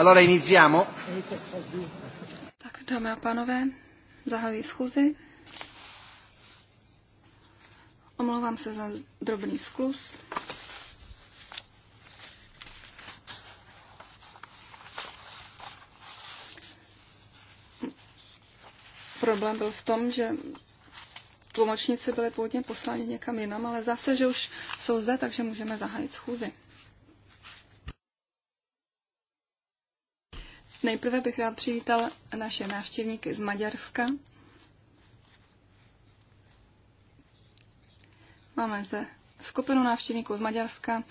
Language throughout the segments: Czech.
Allora iniziamo. Tak dámy a pánové, zahajuji schůzi. Omlouvám se za drobný sklus. Problém byl v tom, že tlumočníci byly původně posláni někam jinam, ale zase, že už jsou zde, takže můžeme zahájit schůzi. Nejprve bych rád přivítal naše návštěvníky z Maďarska. Máme zde skupinu návštěvníků z Maďarska.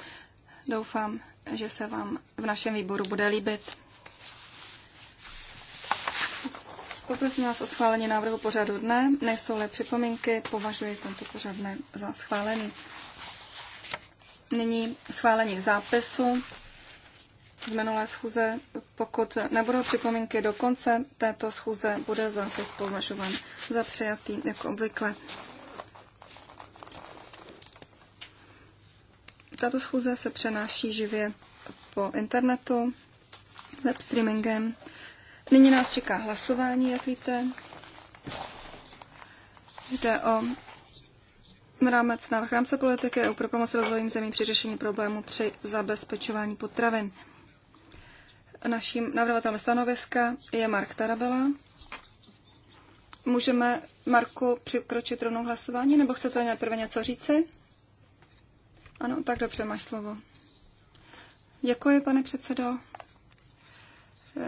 Doufám, že se vám v našem výboru bude líbit. Poprosím vás o schválení návrhu pořadu dne. Nejsou-li připomínky, považuji tento pořad dne za schválený. Nyní schválení zápisu z minulé schůze. Pokud nebudou připomínky do konce této schůze, bude zápis považován za přijatý, jako obvykle. Tato schůze se přenáší živě po internetu, web streamingem. Nyní nás čeká hlasování, jak víte. Jde o rámec návrh rámce politiky EU pro pomoc rozvojím zemí při řešení problému při zabezpečování potravin. Naším navrhovatelem stanoviska je Mark Tarabela. Můžeme, Marku, přikročit rovnou hlasování, nebo chcete nejprve něco říci? Ano, tak dobře, máš slovo. Děkuji, pane předsedo.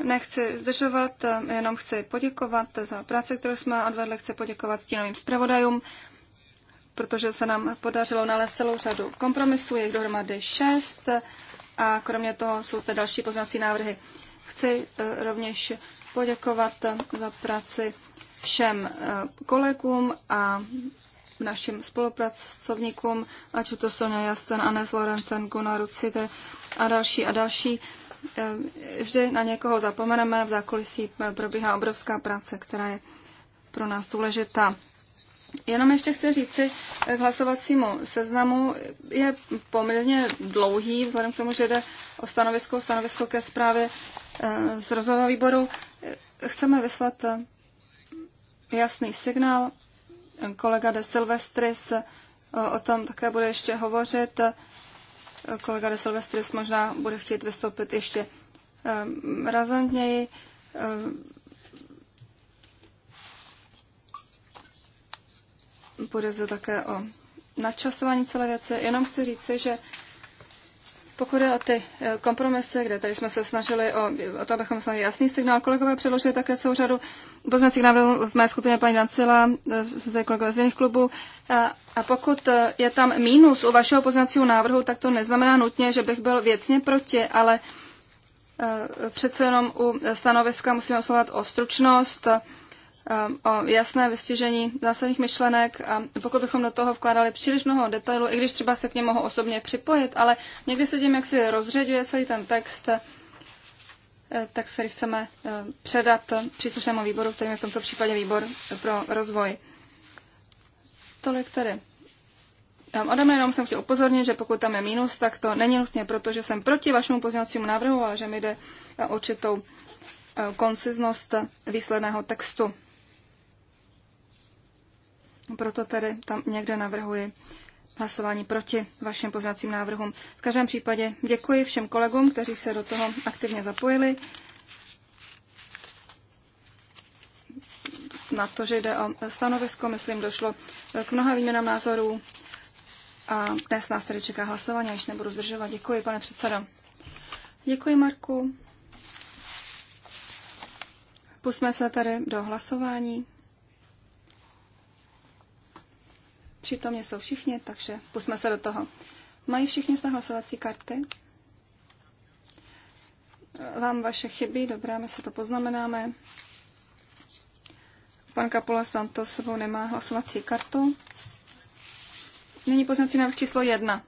Nechci zdržovat, jenom chci poděkovat za práci, kterou jsme odvedli. Chci poděkovat stínovým zpravodajům, protože se nám podařilo nalézt celou řadu kompromisů, je dohromady šest a kromě toho jsou zde další poznací návrhy. Chci eh, rovněž poděkovat eh, za práci všem eh, kolegům a našim spolupracovníkům, ať to Sonja Jasten, Anes Lorenzen, Gunnar Rucite a další a další. Vždy na někoho zapomeneme, v zákulisí probíhá obrovská práce, která je pro nás důležitá. Jenom ještě chci říci eh, k hlasovacímu seznamu. Je poměrně dlouhý, vzhledem k tomu, že jde o stanovisko, stanovisko ke zprávě eh, z rozvojového výboru. Eh, chceme vyslat jasný signál. Kolega de Silvestris o tom také bude ještě hovořit. Kolega de Silvestris možná bude chtít vystoupit ještě razantněji Bude zde také o načasování celé věci. Jenom chci říci, že pokud je o ty eh, kompromisy, kde tady jsme se snažili o, o to, abychom snažili jasný signál, kolegové předložili také celou řadu pozměcích návrhů v mé skupině paní Dancila, eh, zde kolegové z jiných klubů. A, a pokud eh, je tam mínus u vašeho pozměcího návrhu, tak to neznamená nutně, že bych byl věcně proti, ale přece jenom u stanoviska musíme oslovat o stručnost, Um, o jasné vystižení zásadních myšlenek a pokud bychom do toho vkládali příliš mnoho detailů, i když třeba se k němu mohu osobně připojit, ale někdy se tím, jak si rozřeďuje celý ten text, eh, tak se chceme eh, předat příslušnému výboru, kterým je v tomto případě výbor pro rozvoj. Tolik tedy. Adam, um, jenom jsem chtěl upozornit, že pokud tam je mínus, tak to není nutně protože jsem proti vašemu pozměňovacímu návrhu, ale že mi jde o určitou eh, konciznost výsledného textu. Proto tedy tam někde navrhuji hlasování proti vašim poznacím návrhům. V každém případě děkuji všem kolegům, kteří se do toho aktivně zapojili. Na to, že jde o stanovisko, myslím, došlo k mnoha výměnám názorů a dnes nás tedy čeká hlasování, až nebudu zdržovat. Děkuji, pane předsedo. Děkuji, Marku. Pusme se tady do hlasování. Přítomně jsou všichni, takže pusme se do toho. Mají všichni své hlasovací karty? Vám vaše chyby, dobrá, my se to poznamenáme. Pan Kapula Santos sebou nemá hlasovací kartu. Nyní poznací návrh číslo jedna.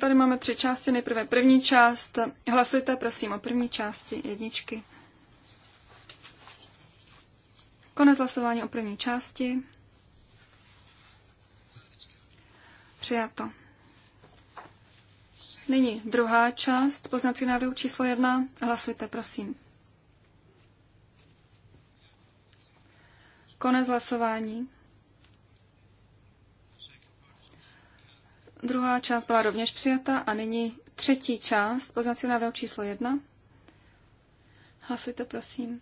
Tady máme tři části. Nejprve první část. Hlasujte, prosím, o první části jedničky. Konec hlasování o první části. Přijato. Nyní druhá část poznací návrhu číslo jedna. Hlasujte, prosím. Konec hlasování. Druhá část byla rovněž přijata a nyní třetí část poznací návrhu číslo jedna. Hlasujte, prosím.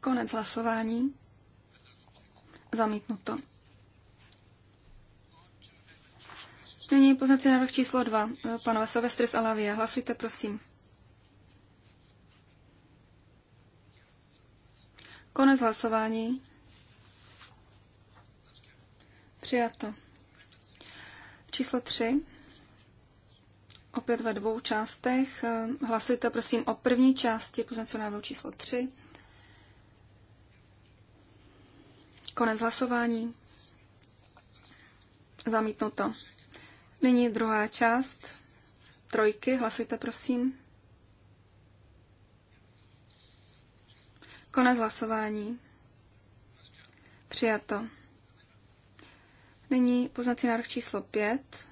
Konec hlasování. Zamítnuto. Nyní poznací návrh číslo 2. Panové Silvestry z Alavia. Hlasujte, prosím. Konec hlasování. Přijato. Číslo 3. Opět ve dvou částech. Hlasujte prosím o první části poznacího návrhu číslo 3. Konec hlasování. Zamítnuto. Nyní druhá část. Trojky, hlasujte prosím. Konec hlasování. Přijato. Nyní poznací návrh číslo 5.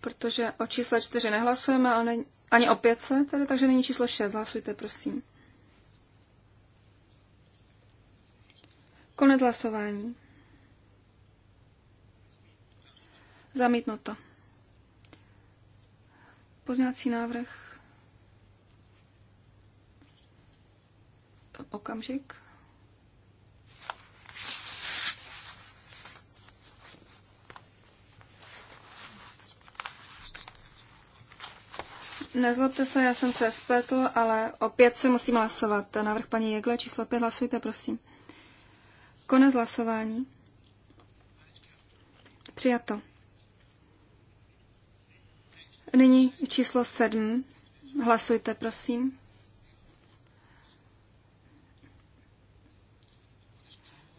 Protože o čísle 4 nehlasujeme, ale ani o 500, tedy, takže není číslo 6. Hlasujte, prosím. Konec hlasování. Zamítnuto. Pozměňovací návrh. Okamžik. Nezlobte se, já jsem se spletl, ale opět se musím hlasovat. Návrh paní Jegle číslo 5, hlasujte, prosím. Konec hlasování. Přijato. Nyní číslo 7. Hlasujte, prosím.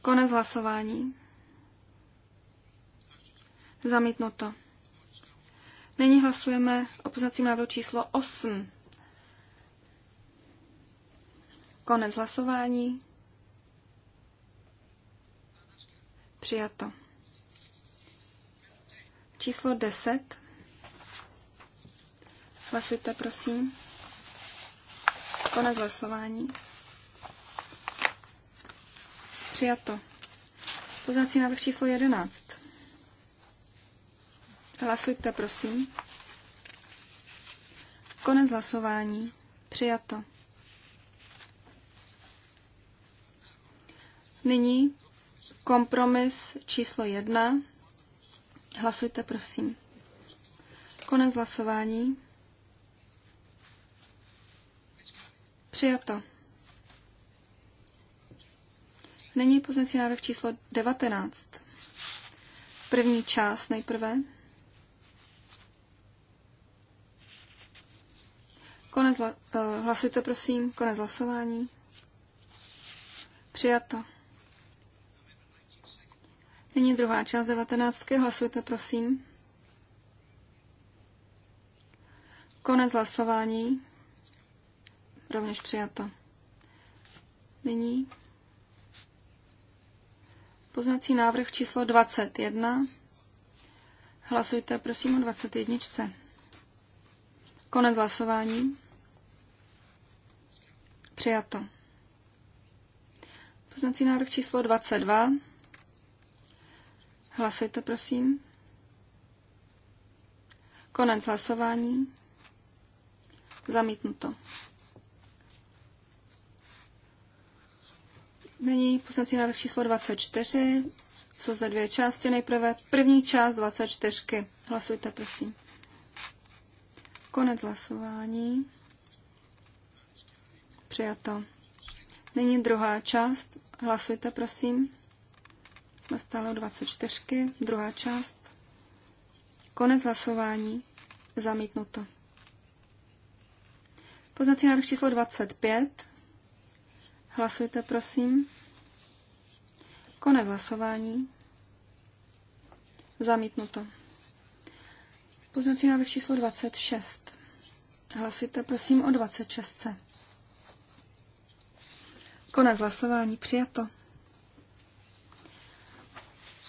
Konec hlasování. Zamítnuto. Nyní hlasujeme o poznacím návrhu číslo 8. Konec hlasování. Přijato. Číslo 10. Hlasujte, prosím. Konec hlasování. Přijato. Poznací návrh číslo 11. Hlasujte, prosím. Konec hlasování. Přijato. Nyní kompromis číslo jedna. Hlasujte, prosím. Konec hlasování. Přijato. Nyní pozici návrh číslo 19. První část nejprve. Konec eh, hlasujte, prosím. Konec hlasování. Přijato. Není druhá část 19. Hlasujte, prosím. Konec hlasování. Rovněž přijato. Nyní poznací návrh číslo 21. Hlasujte prosím o 21. Konec hlasování. Přijato. Poznací návrh číslo 22. Hlasujte, prosím. Konec hlasování. Zamítnuto. Nyní poslanci návrh číslo 24. Jsou zde dvě části. Nejprve první část 24. Hlasujte, prosím. Konec hlasování. Přijato. Nyní druhá část. Hlasujte, prosím. Jsme stále 24. Druhá část. Konec hlasování. Zamítnuto. Poznací návrh číslo 25. Hlasujte, prosím. Konec hlasování. Zamítnuto. Poznací návrh číslo 26. Hlasujte, prosím, o 26. Konec hlasování. Přijato.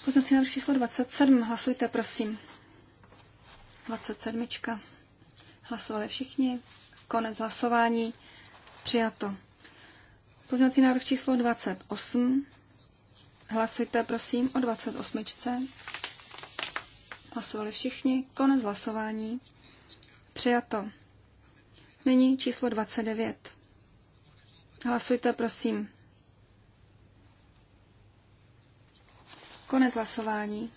Poznací návrh číslo 27. Hlasujte, prosím. 27. Hlasovali všichni. Konec hlasování. Přijato. Poznací návrh číslo 28. Hlasujte, prosím, o 28. Hlasovali všichni. Konec hlasování. Přijato. Nyní číslo 29. Hlasujte, prosím. Konec hlasování.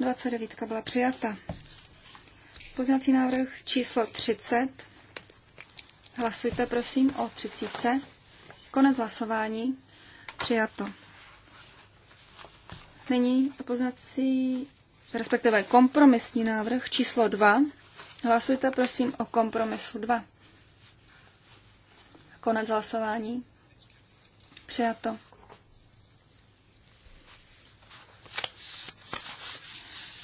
29 byla přijata. Pozměňovací návrh číslo 30. Hlasujte, prosím, o 30. Konec hlasování. Přijato. Nyní poznací, respektive kompromisní návrh číslo 2. Hlasujte prosím o kompromisu 2. Konec hlasování. Přijato.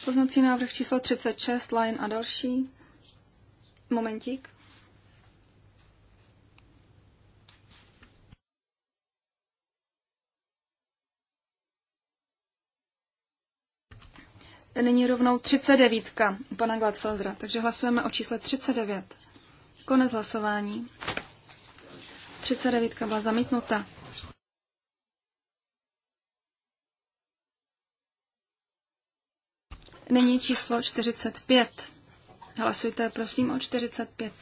Poznací návrh číslo 36, line a další. Momentík. Nyní rovnou 39 pana Gladfeldra, takže hlasujeme o čísle 39. Konec hlasování byla zamítnuta. Nyní číslo 45. Hlasujte prosím o 45.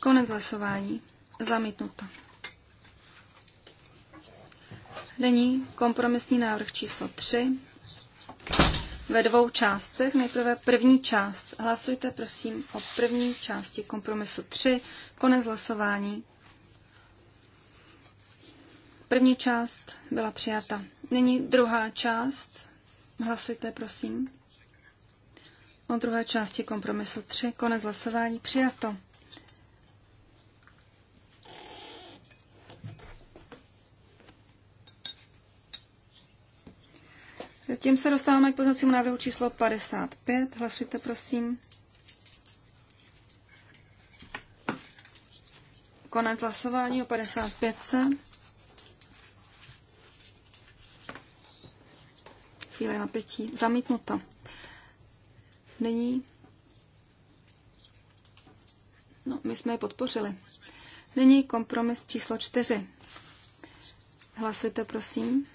Konec hlasování. Zamítnuto. Nyní kompromisní návrh číslo 3 ve dvou částech. Nejprve první část. Hlasujte prosím o první části kompromisu 3. Konec hlasování. První část byla přijata. Nyní druhá část. Hlasujte prosím. O druhé části kompromisu 3. Konec hlasování. Přijato. Tím se dostáváme k poznacímu návrhu číslo 55. Hlasujte, prosím. Konec hlasování o 55. Chvíle napětí. Zamítnuto. Nyní. No, my jsme je podpořili. Nyní kompromis číslo 4. Hlasujte, prosím.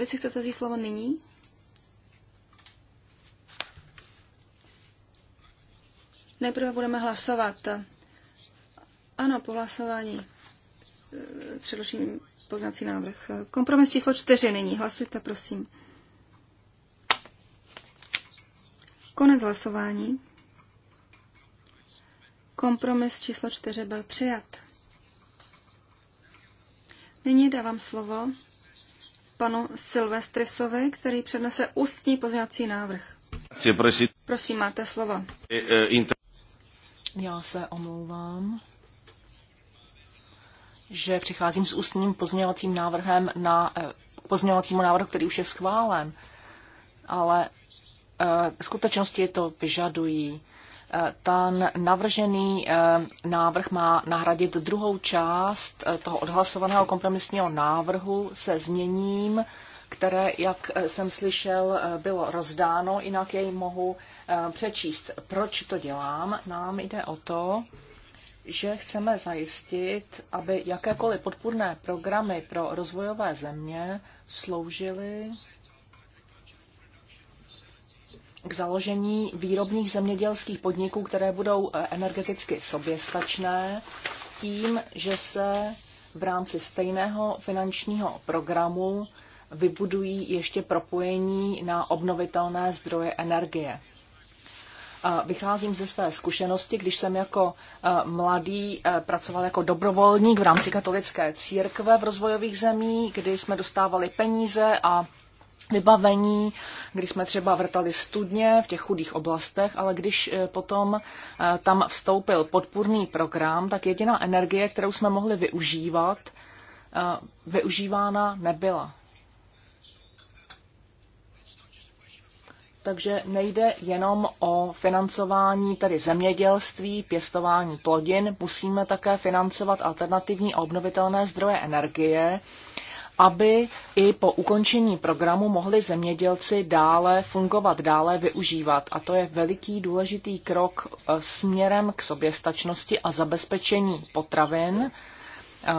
Vy si chcete vzít slovo nyní? Nejprve budeme hlasovat. Ano, po hlasování eh, předložím poznací návrh. Kompromis číslo čtyři nyní. Hlasujte, prosím. Konec hlasování. Kompromis číslo čtyři byl přijat. Nyní dávám slovo panu Silvestrisovi, který přednese ústní pozměňovací návrh. Prosím, máte slovo. Eh, eh, Já se omlouvám, že přicházím s ústním pozměňovacím návrhem na eh, pozměňovacímu návrhu, který už je schválen, ale skutečnosti to vyžadují. Ten navržený eh, návrh má nahradit druhou část eh, toho odhlasovaného kompromisního návrhu se zněním, které, jak eh, jsem slyšel, bylo rozdáno, jinak jej mohu přečíst. Proč to dělám? Nám jde o to, že chceme zajistit, aby jakékoliv podpůrné programy pro rozvojové země sloužily k založení výrobních zemědělských podniků, které budou eh, energeticky soběstačné, tím, že se v rámci stejného finančního programu vybudují ještě propojení na obnovitelné zdroje energie. Vycházím ze své zkušenosti, když jsem jako eh, mladý eh, pracoval jako dobrovolník v rámci katolické církve v rozvojových zemích, kdy jsme dostávali peníze a vybavení, když jsme třeba vrtali studně v těch chudých oblastech, ale když eh, potom eh, tam vstoupil podpůrný program, tak jediná energie, kterou jsme mohli využívat, eh, využívána nebyla. Takže nejde jenom o financování tedy zemědělství, pěstování plodin, musíme také financovat alternativní a obnovitelné zdroje energie, aby i po ukončení programu mohli zemědělci dále fungovat, dále využívat. A to je veliký důležitý krok eh, směrem k soběstačnosti a zabezpečení potravin, eh,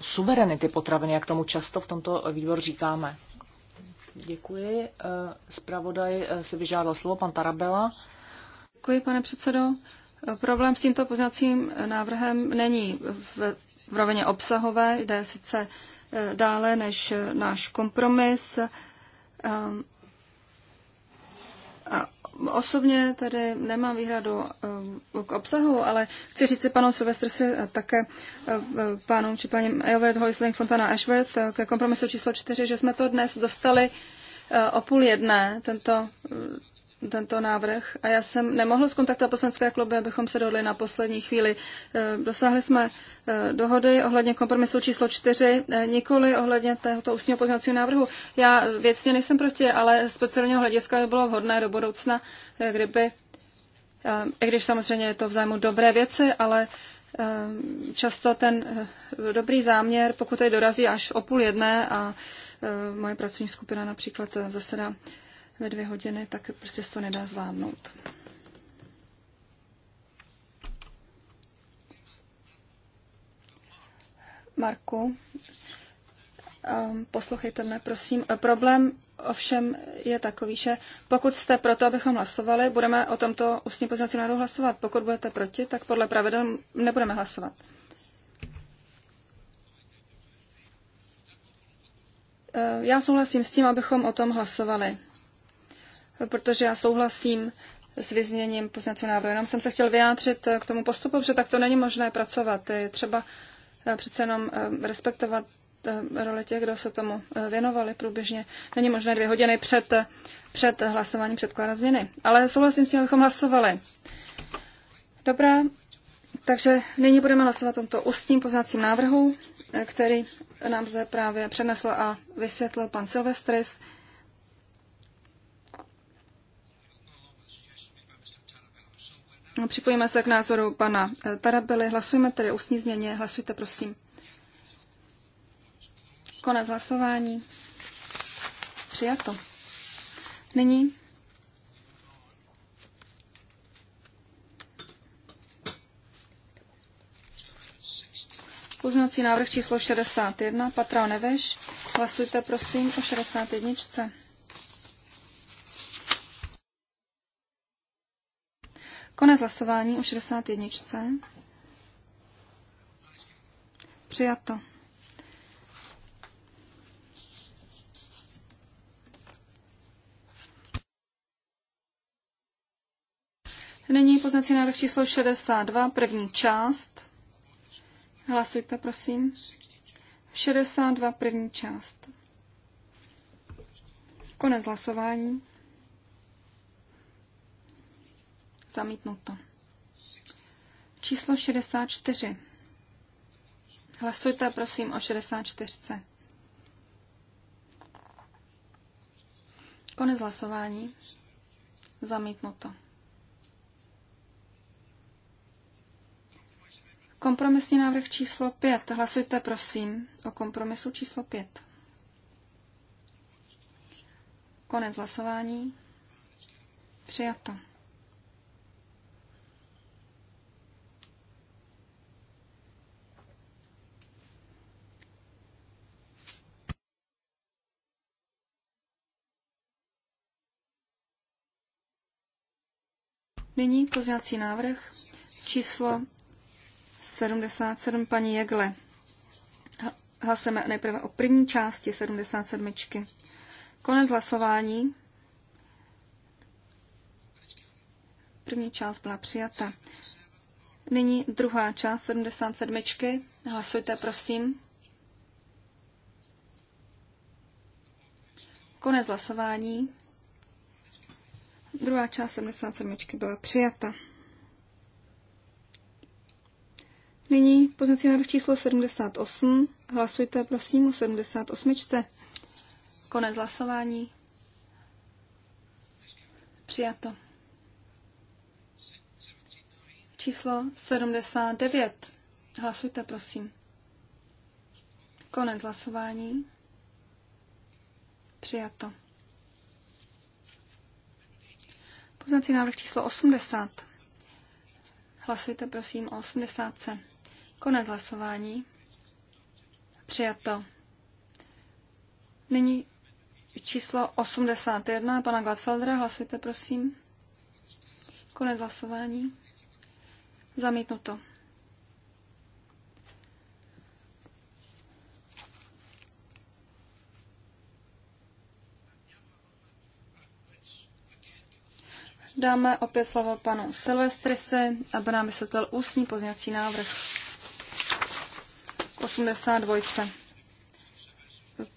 suverenity potravin, jak tomu často v tomto výboru říkáme. Děkuji. Eh, zpravodaj se vyžádal slovo pan Tarabela. Děkuji, pane předsedo. Problém s tímto poznacím návrhem není v, v rovině obsahové, jde sice Eh, dále než náš kompromis. Eh, a osobně tady nemám výhradu eh, k obsahu, ale chci říct si panu Silvestrsi a také panu či paní Elvert Hoisling Fontana Ashworth ke kompromisu číslo čtyři, že jsme to dnes dostali o půl jedné, tento tento návrh a já jsem nemohl skontaktovat poslanecké kluby, abychom se dohodli na poslední chvíli. E, dosáhli jsme e, dohody ohledně kompromisu číslo čtyři e, nikoli ohledně tohoto ústního pozměňovacího návrhu. Já věcně nejsem proti, ale z procedurního hlediska by bylo vhodné do budoucna, kdyby, i když samozřejmě je to v zájmu dobré věci, ale často ten dobrý záměr, pokud tady dorazí až o půl jedné a moje pracovní skupina například zasedá ve dvě hodiny, tak prostě se to nedá zvládnout. Marku, um, poslouchejte mě prosím. Problém ovšem je takový, že pokud jste to, abychom hlasovali, budeme o tomto ústní pozměňovacím národu hlasovat. Pokud budete proti, tak podle pravidel nebudeme hlasovat. Eh, já souhlasím s tím, abychom o tom hlasovali protože já souhlasím s vyzněním poznacího návrhu. Jenom jsem se chtěl vyjádřit eh, k tomu postupu, protože tak to není možné pracovat. Je třeba eh, přece jenom eh, respektovat roli těch, kdo se tomu věnovali průběžně. Není možné dvě hodiny před, před hlasováním předkládat změny. Ale souhlasím s tím, abychom hlasovali. Dobrá, takže nyní budeme hlasovat o tomto ústním poznacím návrhu, který nám zde právě přednesl a vysvětlil pan Silvestris. Připojíme se k názoru pana eh, Tarabely. Hlasujeme tedy ústní změně. Hlasujte, prosím. Konec hlasování. Přijato. Nyní Pozměňovací návrh číslo 61, Patra Neveš. Hlasujte prosím o 61. Konec hlasování o 61. Přijato. Nyní poznací návrh číslo 62, první část. Hlasujte, prosím. 62, první část. Konec hlasování. Zamítnuto. Číslo 64. Hlasujte prosím o 64. Konec hlasování. Zamítnuto. Kompromisní návrh číslo 5. Hlasujte prosím o kompromisu číslo 5. Konec hlasování. Přijato. Nyní pozněcí návrh číslo 77 paní Jegle. Hlasujeme nejprve o první části 77. Konec hlasování. První část byla přijata. Nyní druhá část 77. Hlasujte, prosím. Konec hlasování. Druhá část 77 byla přijata. Nyní pozici na číslo 78. Hlasujte prosím o 78. Konec hlasování. Přijato. Číslo 79. Hlasujte prosím. Konec hlasování. Přijato. Poznací návrh číslo 80. Hlasujte prosím o 80. Konec hlasování. Přijato. Nyní číslo 81 pana Gladfeldera. Hlasujte prosím. Konec hlasování. Zamítnuto. dáme opět slovo panu Silvestrisi, aby nám vysvětlil ústní pozněcí návrh 82.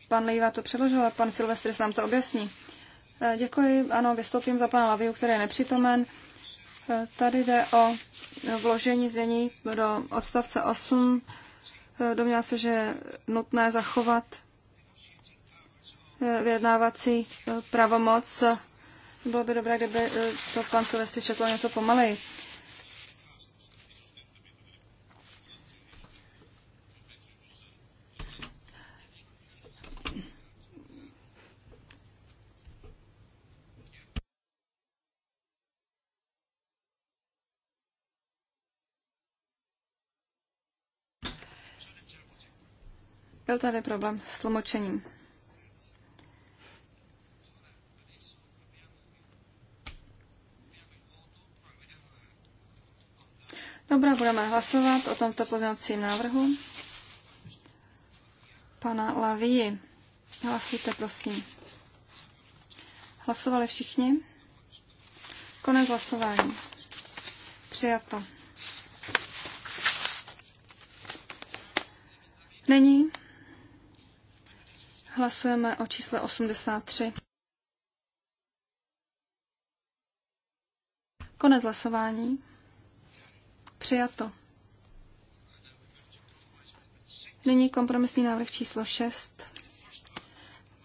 Pan Lejva to předložil a pan Silvestris nám to objasní. Eh, děkuji, ano, vystoupím za pana Laviu, který je nepřítomen. Eh, tady jde o vložení znění do odstavce 8. Eh, Domnívám se, že je nutné zachovat vyjednávací pravomoc bylo by dobré, kdyby eh, to pan Silvestri četl něco pomaleji. Byl tady problém s tlumočením. Dobrá, budeme hlasovat o tomto poznacím návrhu. Pana Lavii, hlasujte, prosím. Hlasovali všichni? Konec hlasování. Přijato. Není. Hlasujeme o čísle 83. Konec hlasování. Přijato. Nyní kompromisní návrh číslo 6.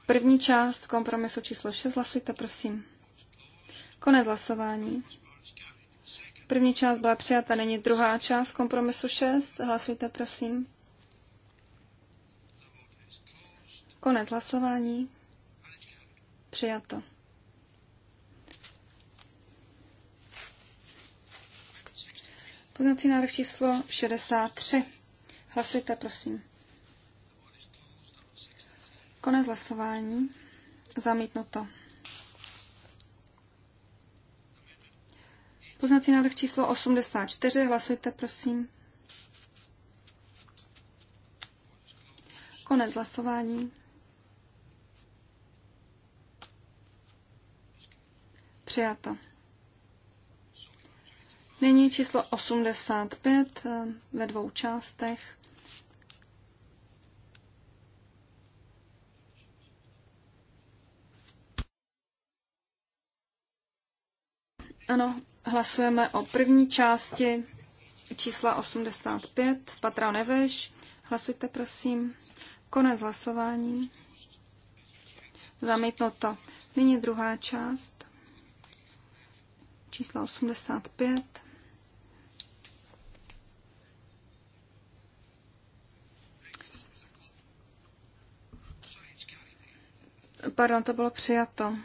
První část kompromisu číslo 6. Hlasujte, prosím. Konec hlasování. První část byla přijata, není druhá část kompromisu 6. Hlasujte, prosím. Konec hlasování. Přijato. Poznací návrh číslo 63. Hlasujte, prosím. Konec hlasování. Zamítnuto. Poznací návrh číslo 84. Hlasujte, prosím. Konec hlasování. Přijato. Nyní číslo 85 eh, ve dvou částech. Ano, hlasujeme o první části čísla 85, Patra Neveš. Hlasujte, prosím. Konec hlasování. Zamítnuto. Nyní druhá část. Čísla 85. Pardon, to bylo přijato.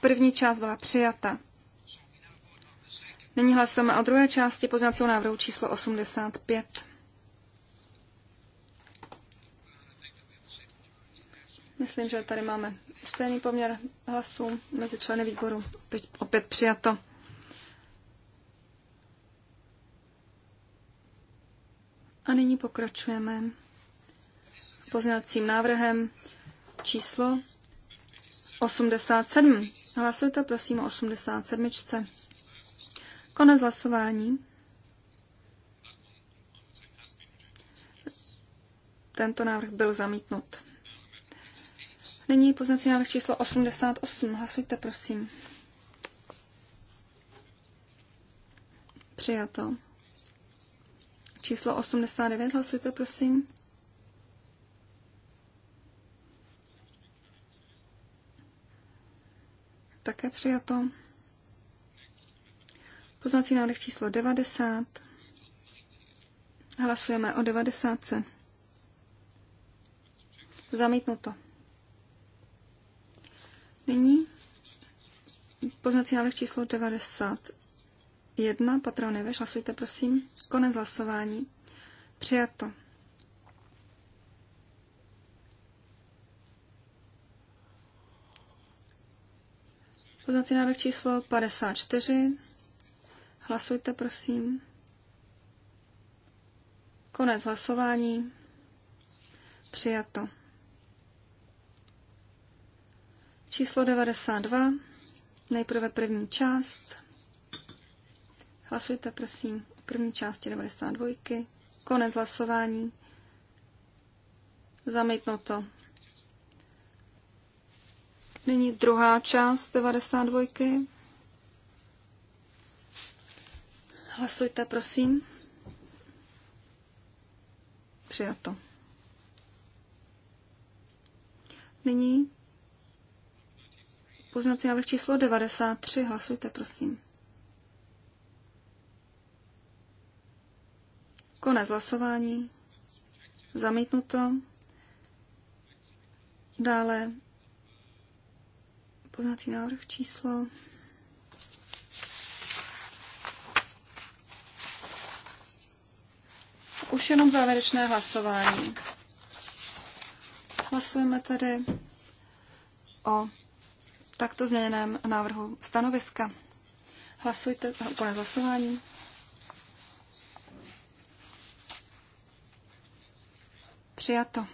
První část byla přijata. Nyní hlasujeme o druhé části pozměňovacího návrhu číslo 85. Myslím, že tady máme stejný poměr hlasů mezi členy výboru. Opět, opět přijato. A nyní pokračujeme pozměňovacím návrhem číslo 87. Hlasujte prosím o 87. Konec hlasování. Tento návrh byl zamítnut. Nyní poznací návrh číslo 88. Hlasujte, prosím. Přijato. Číslo 89. Hlasujte, prosím. také přijato. Poznací návrh číslo 90. Hlasujeme o 90. Zamítnuto. Nyní poznací návrh číslo 91. Patrony, veš, hlasujte, prosím. Konec hlasování. Přijato. Poznací návrh číslo 54. Hlasujte, prosím. Konec hlasování. Přijato. Číslo 92. Nejprve první část. Hlasujte, prosím, o první části 92. Konec hlasování. Zamítnuto. Nyní druhá část 92. Hlasujte, prosím. Přijato. Nyní poznací návrh číslo 93. Hlasujte, prosím. Konec hlasování. Zamítnuto. Dále Poznací návrh číslo 1. Už jenom závěrečné hlasování. Hlasujeme tedy o takto změněném návrhu stanoviska. Hlasujte, úplné no, hlasování. Přijato.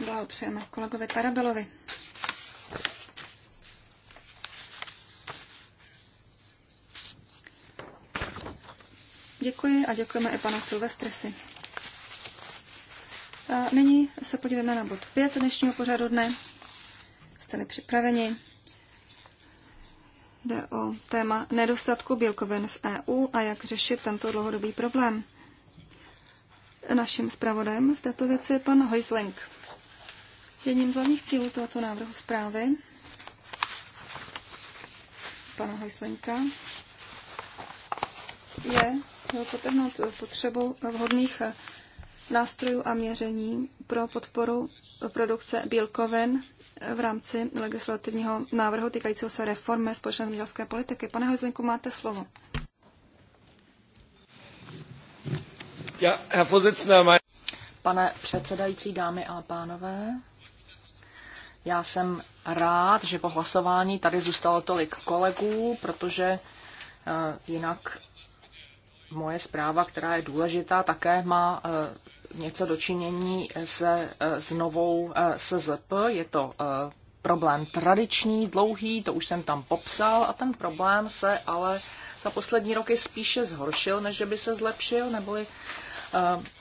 Blahopřejeme kolegovi Tarabelovi. Děkuji a děkujeme i panu Silvestresi. A nyní se podíváme na bod 5 dnešního pořadu dne. Jste-li připraveni? Jde o téma nedostatku bílkovin v EU a jak řešit tento dlouhodobý problém. Naším zpravodajem v této věci je pan Hojsling. Jedním z hlavních cílů tohoto návrhu zprávy pana Hojslenka je potrhnout potřebu vhodných nástrojů a měření pro podporu produkce bílkovin v rámci legislativního návrhu týkajícího se reformy společné zemědělské politiky. Pane Hojzlinku, máte slovo. Pane předsedající, dámy a pánové, já jsem rád, že po hlasování tady zůstalo tolik kolegů, protože eh, jinak moje zpráva, která je důležitá, také má eh, něco dočinění se, eh, s novou SZP. Je to problém tradiční, dlouhý, to už jsem tam popsal, a ten problém se ale za poslední roky spíše zhoršil, než by se zlepšil, neboli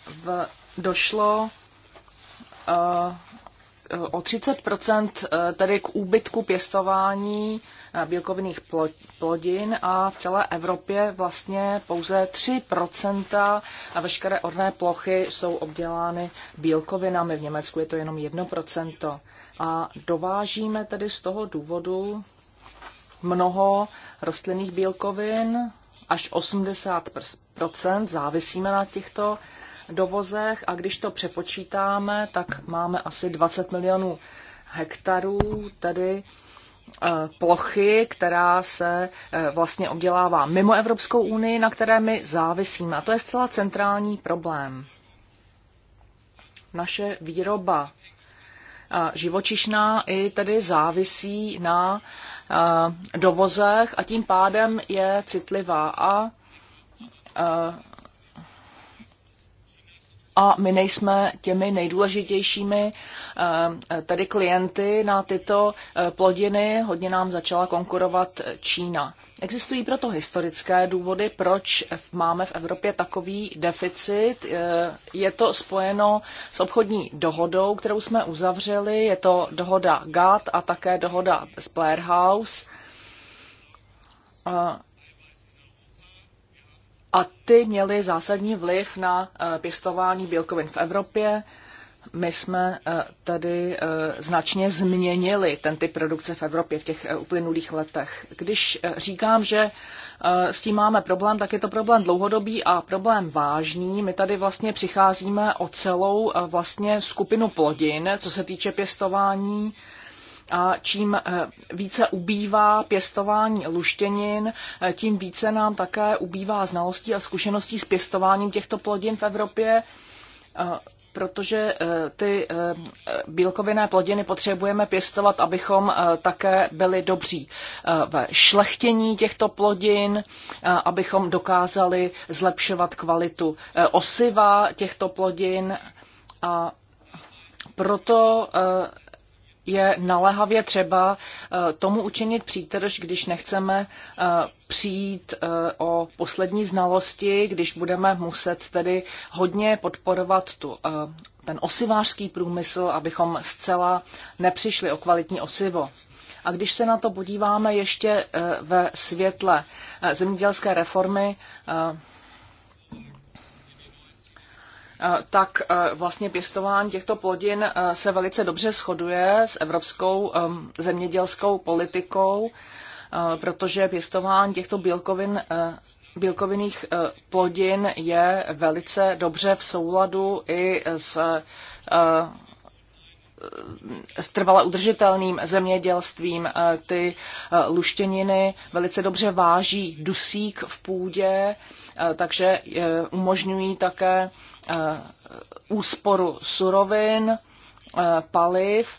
v, došlo Eh, o 30 eh, tedy k úbytku pěstování eh, bílkovinných plodin a v celé Evropě vlastně pouze 3 a veškeré orné plochy jsou obdělány bílkovinami. V Německu je to jenom 1 A dovážíme tedy z toho důvodu mnoho rostlinných bílkovin, až 80 závisíme na těchto dovozech a když to přepočítáme, tak máme asi 20 milionů hektarů, tedy e, plochy, která se e, vlastně obdělává mimo Evropskou unii, na které my závisíme. A to je zcela centrální problém. Naše výroba e, živočišná i tedy závisí na dovozech a tím pádem je citlivá a a my nejsme těmi nejdůležitějšími eh, eh, tedy klienty na tyto eh, plodiny. Hodně nám začala konkurovat Čína. Existují proto historické důvody, proč máme v Evropě takový deficit. Je to spojeno s obchodní dohodou, kterou jsme uzavřeli. Je to dohoda GATT a také dohoda z Blair House a ty měly zásadní vliv na eh, pěstování bílkovin v Evropě. My jsme eh, tedy eh, značně změnili ten typ produkce v Evropě v těch uplynulých letech. Když říkám, že s tím máme problém, tak je to problém dlouhodobý a problém vážný. My tady vlastně přicházíme o celou vlastně skupinu plodin, co se týče pěstování a čím eh, více ubývá pěstování luštěnin, eh, tím více nám také ubývá znalostí a zkušeností s pěstováním těchto plodin v Evropě eh, protože ty bílkovinné plodiny potřebujeme pěstovat, abychom také byli dobří ve šlechtění těchto plodin, abychom dokázali zlepšovat kvalitu osiva těchto plodin a proto je naléhavě třeba eh, tomu učinit přítrž, když nechceme eh, přijít eh, o poslední znalosti, když budeme muset tedy hodně podporovat tu, ten osivářský průmysl, abychom zcela nepřišli o kvalitní osivo. A když se na to podíváme ještě ve světle zemědělské reformy, Eh, tak eh, vlastně pěstování těchto plodin eh, se velice dobře shoduje s evropskou zemědělskou politikou, protože pěstování těchto bílkovin bílkovinných plodin je velice dobře v souladu i s, s trvale udržitelným zemědělstvím. Ty luštěniny velice dobře váží dusík v půdě Eh, takže eh, umožňují také eh, úsporu surovin, paliv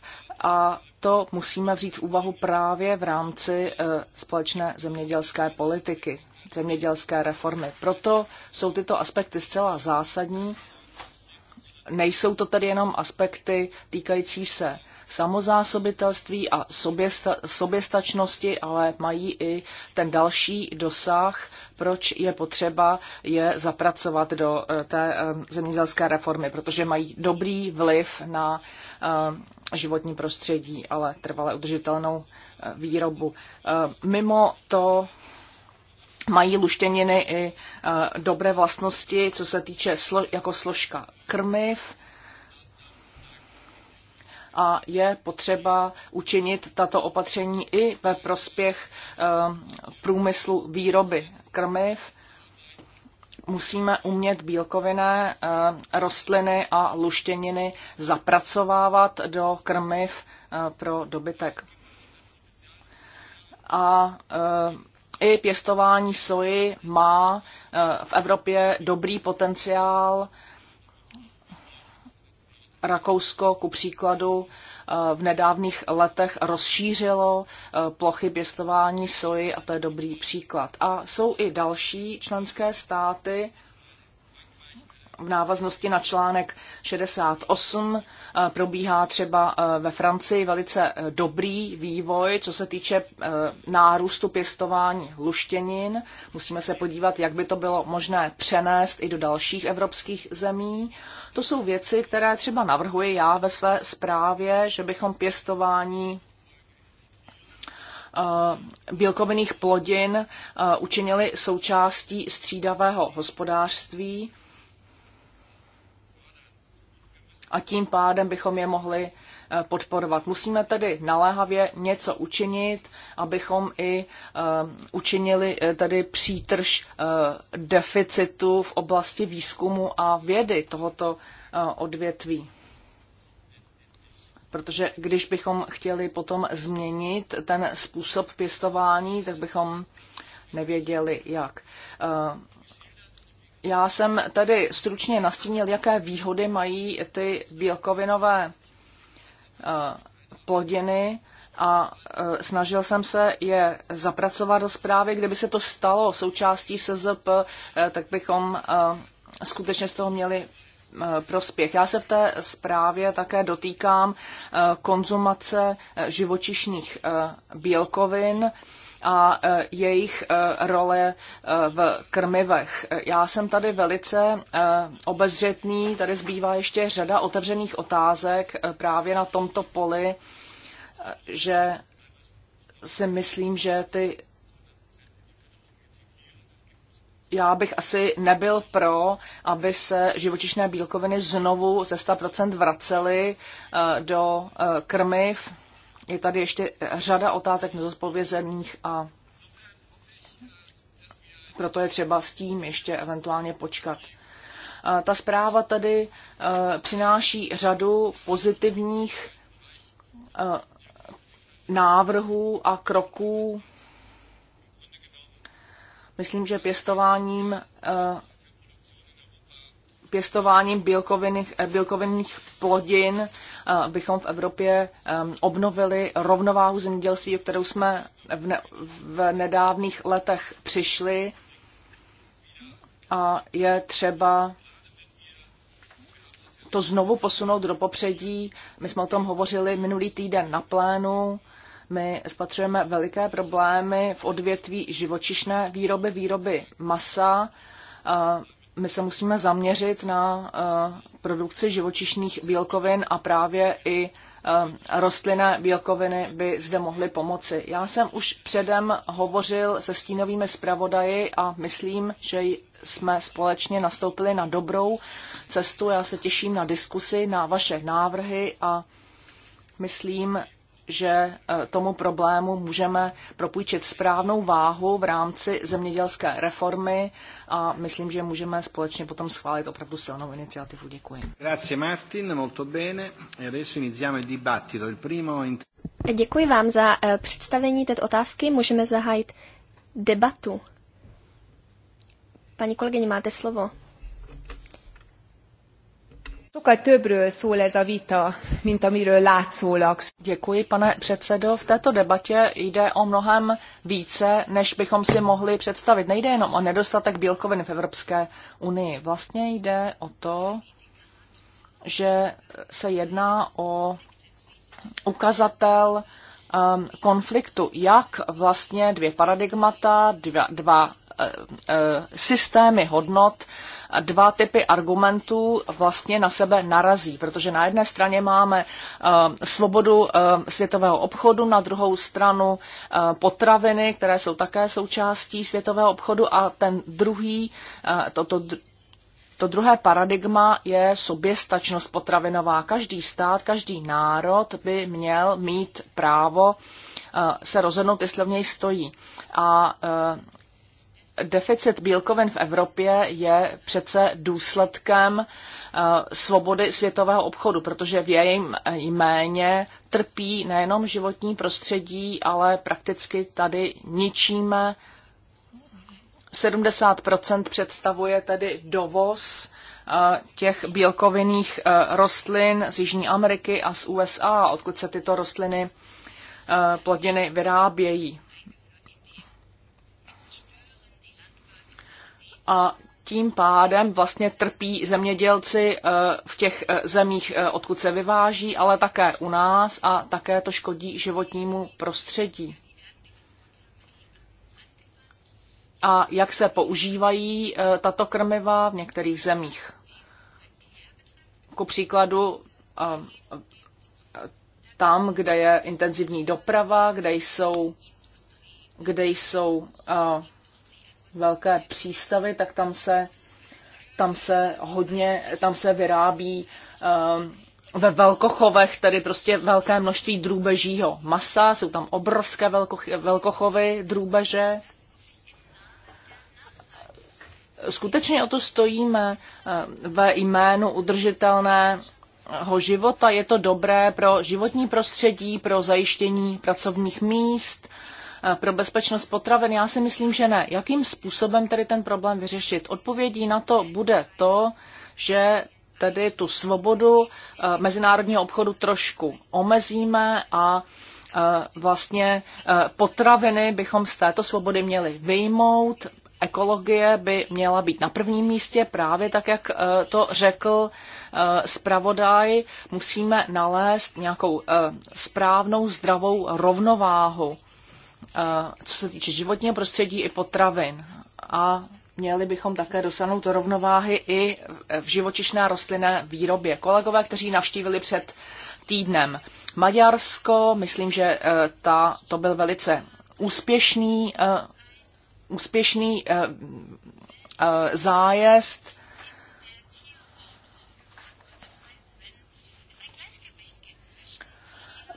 a to musíme vzít v úvahu právě v rámci společné zemědělské politiky, zemědělské reformy. Proto jsou tyto aspekty zcela zásadní. Nejsou to tedy jenom aspekty týkající se samozásobitelství a soběsta, soběstačnosti, ale mají i ten další dosah, proč je potřeba je zapracovat do eh, té eh, zemědělské reformy, protože mají dobrý vliv na eh, životní prostředí, ale trvale udržitelnou výrobu. Mimo to mají luštěniny i dobré vlastnosti, co se týče slo- jako složka krmiv, a je potřeba učinit tato opatření i ve prospěch eh, průmyslu výroby krmiv. Musíme umět bílkovinné eh, rostliny a luštěniny zapracovávat do krmiv eh, pro dobytek. A i pěstování soji má v Evropě dobrý potenciál Rakousko ku příkladu eh, v nedávných letech rozšířilo eh, plochy pěstování soji a to je dobrý příklad. A jsou i další členské státy, v návaznosti na článek 68 eh, probíhá třeba eh, ve Francii velice eh, dobrý vývoj, co se týče nárůstu pěstování luštěnin. Musíme se podívat, jak by to bylo možné přenést i do dalších evropských zemí. To jsou věci, které třeba navrhuji já ve své zprávě, že bychom pěstování bílkovinných plodin učinili součástí střídavého hospodářství a tím pádem bychom je mohli eh, podporovat. Musíme tedy naléhavě něco učinit, abychom i eh, učinili eh, tedy přítrž deficitu v oblasti výzkumu a vědy tohoto odvětví. Protože když bychom chtěli potom změnit ten způsob pěstování, tak bychom nevěděli jak. Já jsem tady stručně nastínil, jaké výhody mají ty bílkovinové eh, plodiny a eh, snažil jsem se je zapracovat do zprávy. Kdyby se to stalo součástí SZP, eh, tak bychom skutečně z toho měli prospěch. Já se v té zprávě také dotýkám konzumace živočišných bílkovin a e, jejich e, role e, v krmivech. Já jsem tady velice obezřetný, tady zbývá ještě řada otevřených otázek právě na tomto poli, že si myslím, že ty já bych asi nebyl pro, aby se živočišné bílkoviny znovu ze 100% vracely do krmiv je tady ještě řada otázek nezodpovězených a proto je třeba s tím ještě eventuálně počkat. Ta zpráva tady e, přináší řadu pozitivních e, návrhů a kroků. Myslím, že pěstováním e, pěstováním bílkovinných, bílkovinných plodin bychom v Evropě obnovili rovnováhu zemědělství, o kterou jsme v, ne, v nedávných letech přišli. A je třeba to znovu posunout do popředí. My jsme o tom hovořili minulý týden na plénu. My spatřujeme veliké problémy v odvětví živočišné výroby, výroby masa my se musíme zaměřit na eh, produkci živočišných bílkovin a právě i eh, rostlinné bílkoviny by zde mohly pomoci. Já jsem už předem hovořil se stínovými zpravodaji a myslím, že jsme společně nastoupili na dobrou cestu. Já se těším na diskusy, na vaše návrhy a myslím, že e, tomu problému můžeme propůjčit správnou váhu v rámci zemědělské reformy a myslím, že můžeme společně potom schválit opravdu silnou iniciativu. Děkuji. Grazie Martin, molto bene. E adesso iniziamo il dibattito. Il primo... Děkuji vám za e, představení této otázky. Můžeme zahájit debatu. Paní kolegyně, máte slovo. Sokkal többről szól ez a vita, mint amiről látszólag. Děkuji, pane předsedo. V této debatě jde o mnohem více, než bychom si mohli představit. Nejde jenom o nedostatek bílkovin v Evropské unii. Vlastně jde o to, že se jedná o ukazatel um, konfliktu, jak vlastně dvě paradigmata, dva, dva Eh, eh, systémy hodnot dva typy argumentů vlastně na sebe narazí, protože na jedné straně máme eh, svobodu světového obchodu, na druhou stranu potraviny, které jsou také součástí světového obchodu a ten druhý, toto to, to druhé paradigma je soběstačnost potravinová. Každý stát, každý národ by měl mít právo se rozhodnout, jestli v něj stojí. A deficit bílkovin v Evropě je přece důsledkem eh, svobody světového obchodu, protože v jejím jméně trpí nejenom životní prostředí, ale prakticky tady ničíme. 70 představuje tedy dovoz eh, těch bílkovinných eh, rostlin z Jižní Ameriky a z USA, odkud se tyto rostliny, plodiny vyrábějí. a tím pádem vlastně trpí zemědělci eh, v těch eh, zemích, eh, odkud se vyváží, ale také u nás a také to škodí životnímu prostředí. A jak se používají tato krmiva v některých zemích? Ku příkladu tam, kde je intenzivní doprava, kde jsou, kde jsou uh, velké přístavy, tak tam se, tam se hodně, tam se vyrábí um, ve velkochovech, tedy prostě velké množství drůbežího masa, jsou tam obrovské velkochovy drůbeže. Skutečně o to stojíme ehm, ve jménu udržitelné života. Je to dobré pro životní prostředí, pro zajištění pracovních míst, Eh, pro bezpečnost potravin? Já si myslím, že ne. Jakým způsobem tedy ten problém vyřešit? Odpovědí na to bude to, že tedy tu svobodu eh, mezinárodního obchodu trošku omezíme a eh, vlastně potraviny bychom z této svobody měli vyjmout. Ekologie by měla být na prvním místě, právě tak, jak to řekl zpravodaj. Musíme nalézt nějakou správnou, zdravou rovnováhu Eh, co se týče životního prostředí i potravin. A měli bychom také dosáhnout rovnováhy i v živočišné rostlinné výrobě. Kolegové, kteří navštívili před týdnem Maďarsko, myslím, že eh, ta, to byl velice úspěšný, eh, úspěšný zájezd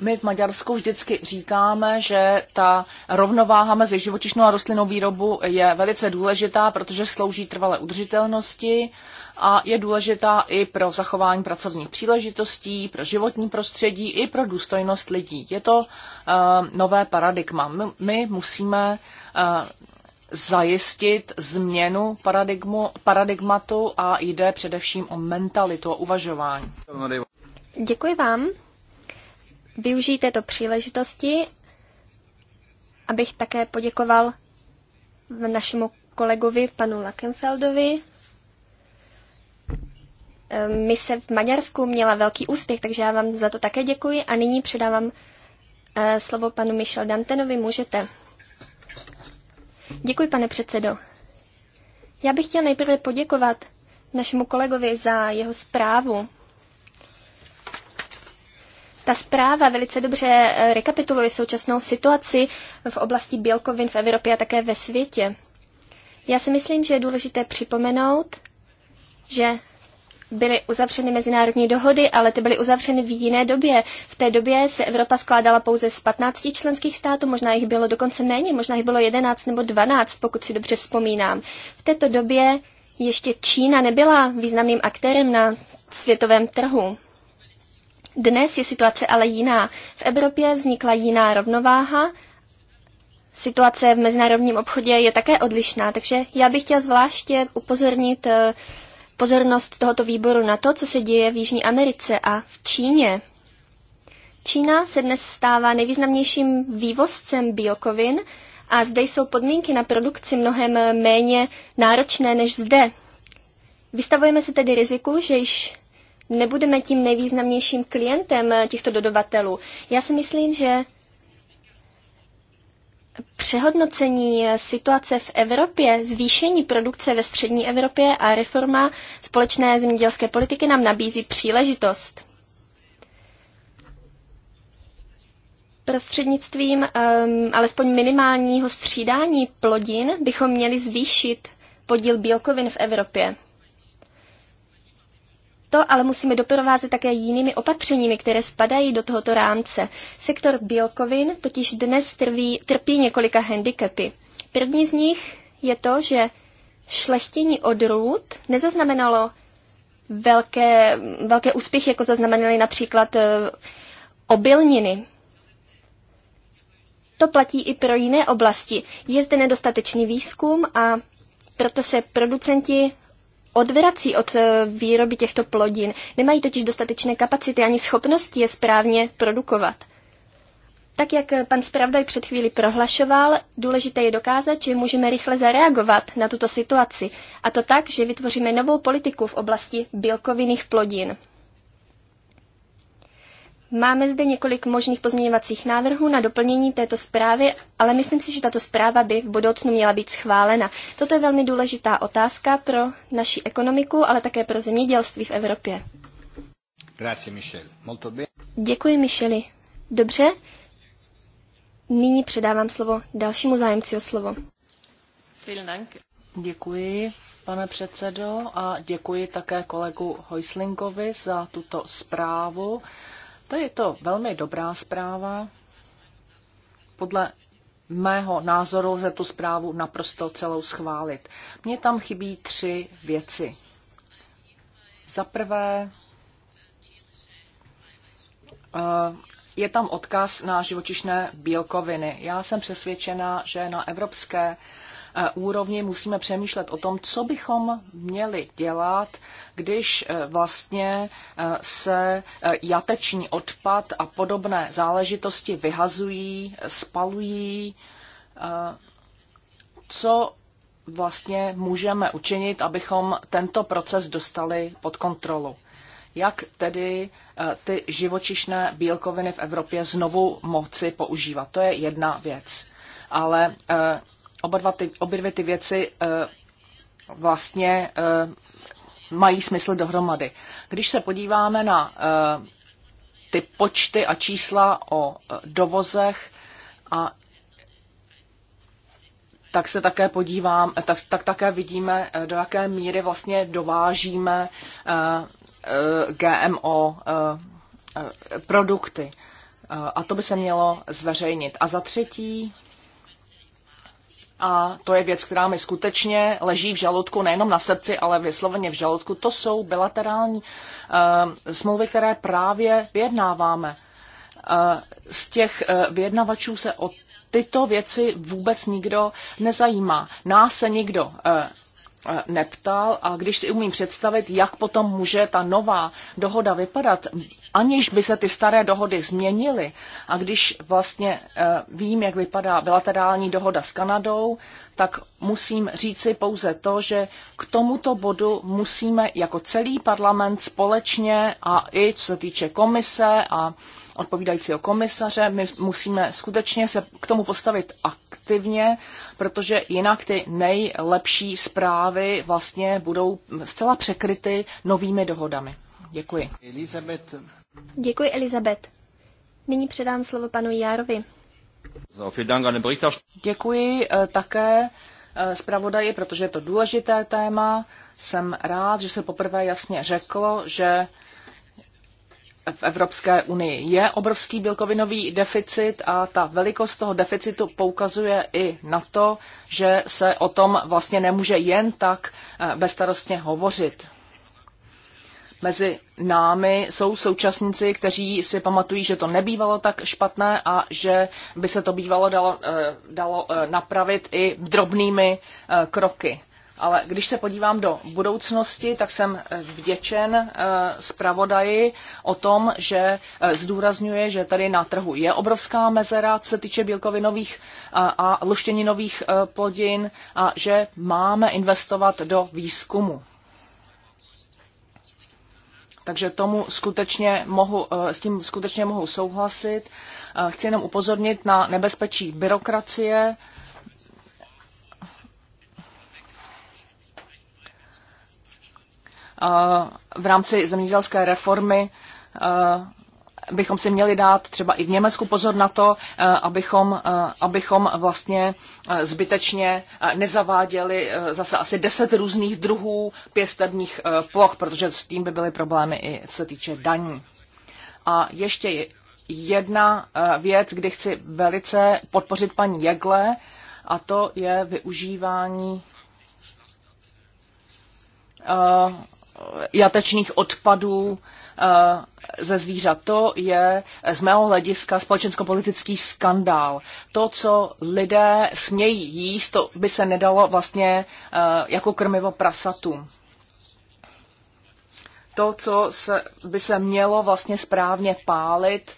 My v Maďarsku vždycky říkáme, že ta rovnováha mezi živočišnou a rostlinnou výrobu je velice důležitá, protože slouží trvalé udržitelnosti a je důležitá i pro zachování pracovních příležitostí, pro životní prostředí i pro důstojnost lidí. Je to uh, nové paradigma. My, my musíme uh, zajistit změnu paradigmu, paradigmatu a jde především o mentalitu, o uvažování. Děkuji vám využít této příležitosti, abych také poděkoval našemu kolegovi panu Lakenfeldovi. Ehm, se v Maďarsku měla velký úspěch, takže já vám za to také děkuji a nyní předávám eh, slovo panu Michel Dantenovi. Můžete. Děkuji, pane předsedo. Já bych chtěl nejprve poděkovat našemu kolegovi za jeho zprávu. Ta zpráva velice dobře eh, rekapituluje současnou situaci v oblasti bílkovin v Evropě a také ve světě. Já si myslím, že je důležité připomenout, že byly uzavřeny mezinárodní dohody, ale ty byly uzavřeny v jiné době. V té době se Evropa skládala pouze z 15 členských států, možná jich bylo dokonce méně, možná jich bylo 11 nebo 12, pokud si dobře vzpomínám. V této době ještě Čína nebyla významným aktérem na světovém trhu. Dnes je situace ale jiná. V Evropě vznikla jiná rovnováha, situace v mezinárodním obchodě je také odlišná, takže já bych chtěla zvláště upozornit eh, pozornost tohoto výboru na to, co se děje v Jižní Americe a v Číně. Čína se dnes stává nejvýznamnějším vývozcem bílkovin a zde jsou podmínky na produkci mnohem méně náročné než zde. Vystavujeme se tedy riziku, že již nebudeme tím nejvýznamnějším klientem eh, těchto dodavatelů. Já si myslím, že přehodnocení eh, situace v Evropě, zvýšení produkce ve střední Evropě a reforma společné zemědělské politiky nám nabízí příležitost. Prostřednictvím um, alespoň minimálního střídání plodin bychom měli zvýšit podíl bílkovin v Evropě. To ale musíme doprovázet také jinými opatřeními, které spadají do tohoto rámce. Sektor bílkovin totiž dnes trví, trpí několika handicapy. První z nich je to, že šlechtění odrůd nezaznamenalo velké, velké úspěchy, jako zaznamenaly například eh, obilniny. To platí i pro jiné oblasti. Je zde nedostatečný výzkum a proto se producenti odvrací od eh, výroby těchto plodin. Nemají totiž dostatečné kapacity ani schopnosti je správně produkovat. Tak jak eh, pan zpravodaj před chvíli prohlašoval, důležité je dokázat, že můžeme rychle zareagovat na tuto situaci, a to tak, že vytvoříme novou politiku v oblasti bílkovinných plodin. Máme zde několik možných pozměňovacích návrhů na doplnění této zprávy, ale myslím si, že tato zpráva by v budoucnu měla být schválena. Toto je velmi důležitá otázka pro naši ekonomiku, ale také pro zemědělství v Evropě. Děkuji, Micheli. Dobře. Nyní předávám slovo dalšímu zájemci o slovo. Děkuji, pane předsedo, a děkuji také kolegu Hojslinkovi za tuto zprávu to je to velmi dobrá zpráva. Podle mého názoru lze tu zprávu naprosto celou schválit. Mně tam chybí tři věci. Za prvé, eh, je tam odkaz na živočišné bílkoviny. Já jsem přesvědčena, že na evropské Eh, úrovni musíme přemýšlet o tom, co bychom měli dělat, když eh, vlastně eh, se jateční odpad a podobné záležitosti vyhazují, spalují, co vlastně můžeme učinit, abychom tento proces dostali pod kontrolu. Jak tedy ty živočišné bílkoviny v Evropě znovu moci používat? To je jedna věc. Ale oba dva ty, obě dvě ty věci eh, vlastně eh, mají smysl dohromady. Když se podíváme na eh, ty počty a čísla o dovozech a tak se také podívám, tak, tak také vidíme, do jaké míry vlastně dovážíme GMO produkty. A to by se mělo zveřejnit. A za třetí, a to je věc, která mi skutečně leží v žaludku, nejenom na srdci, ale vysloveně v žaludku, to jsou bilaterální uh, smlouvy, které právě vyjednáváme. Uh, z těch uh, vyjednavačů se o tyto věci vůbec nikdo nezajímá. Nás se nikdo uh, neptal a když si umím představit, jak potom může ta nová dohoda vypadat, aniž by se ty staré dohody změnily. A když vlastně eh, vím, jak vypadá bilaterální dohoda s Kanadou, tak musím říci pouze to, že k tomuto bodu musíme jako celý parlament společně a i co se týče komise a odpovídajícího komisaře. My musíme skutečně se k tomu postavit aktivně, protože jinak ty nejlepší zprávy vlastně budou zcela překryty novými dohodami. Děkuji. Elizabeth. Děkuji, Elizabeth. Nyní předám slovo panu Járovi. Děkuji eh, také eh, zpravodaji, protože je to důležité téma. Jsem rád, že se poprvé jasně řeklo, že v Evropské unii je obrovský bílkovinový deficit a ta velikost toho deficitu poukazuje i na to, že se o tom vlastně nemůže jen tak eh, bezstarostně hovořit. Mezi námi jsou současníci, kteří si pamatují, že to nebývalo tak špatné a že by se to bývalo dalo, eh, dalo eh, napravit i drobnými eh, kroky. Ale když se podívám do budoucnosti, tak jsem vděčen zpravodaji o tom, že zdůrazňuje, že tady na trhu je obrovská mezera, co se týče bílkovinových a luštěninových plodin a že máme investovat do výzkumu. Takže tomu skutečně mohu, eh, s tím skutečně mohu souhlasit. Eh, chci jenom upozornit na nebezpečí byrokracie. Eh, v rámci zemědělské reformy bychom si měli dát třeba i v Německu pozor na to, eh, abychom, eh, abychom vlastně eh, zbytečně nezaváděli zase asi deset různých druhů pěstebních ploch, protože s tím by byly problémy i co se týče daní. A ještě jedna věc, kdy chci velice podpořit paní Jegle, a to je využívání jatečných odpadů ze zvířat. To je eh, z mého hlediska společensko-politický skandál. To, co lidé smějí jíst, to by se nedalo vlastně eh, jako krmivo prasatům to, co se, by se mělo vlastně správně pálit,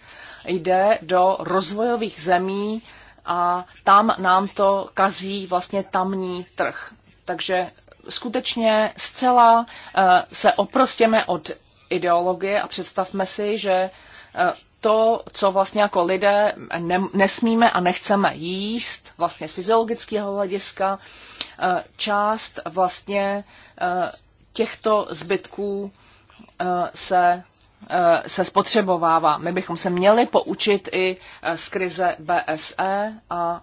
jde do rozvojových zemí a tam nám to kazí vlastně tamní trh. Takže skutečně zcela eh, se oprostěme od ideologie a představme si, že e, to, co vlastně jako lidé ne, nesmíme a nechceme jíst, vlastně z fyziologického hlediska, e, část vlastně e, těchto zbytků se, se spotřebovává. My bychom se měli poučit i z krize BSE a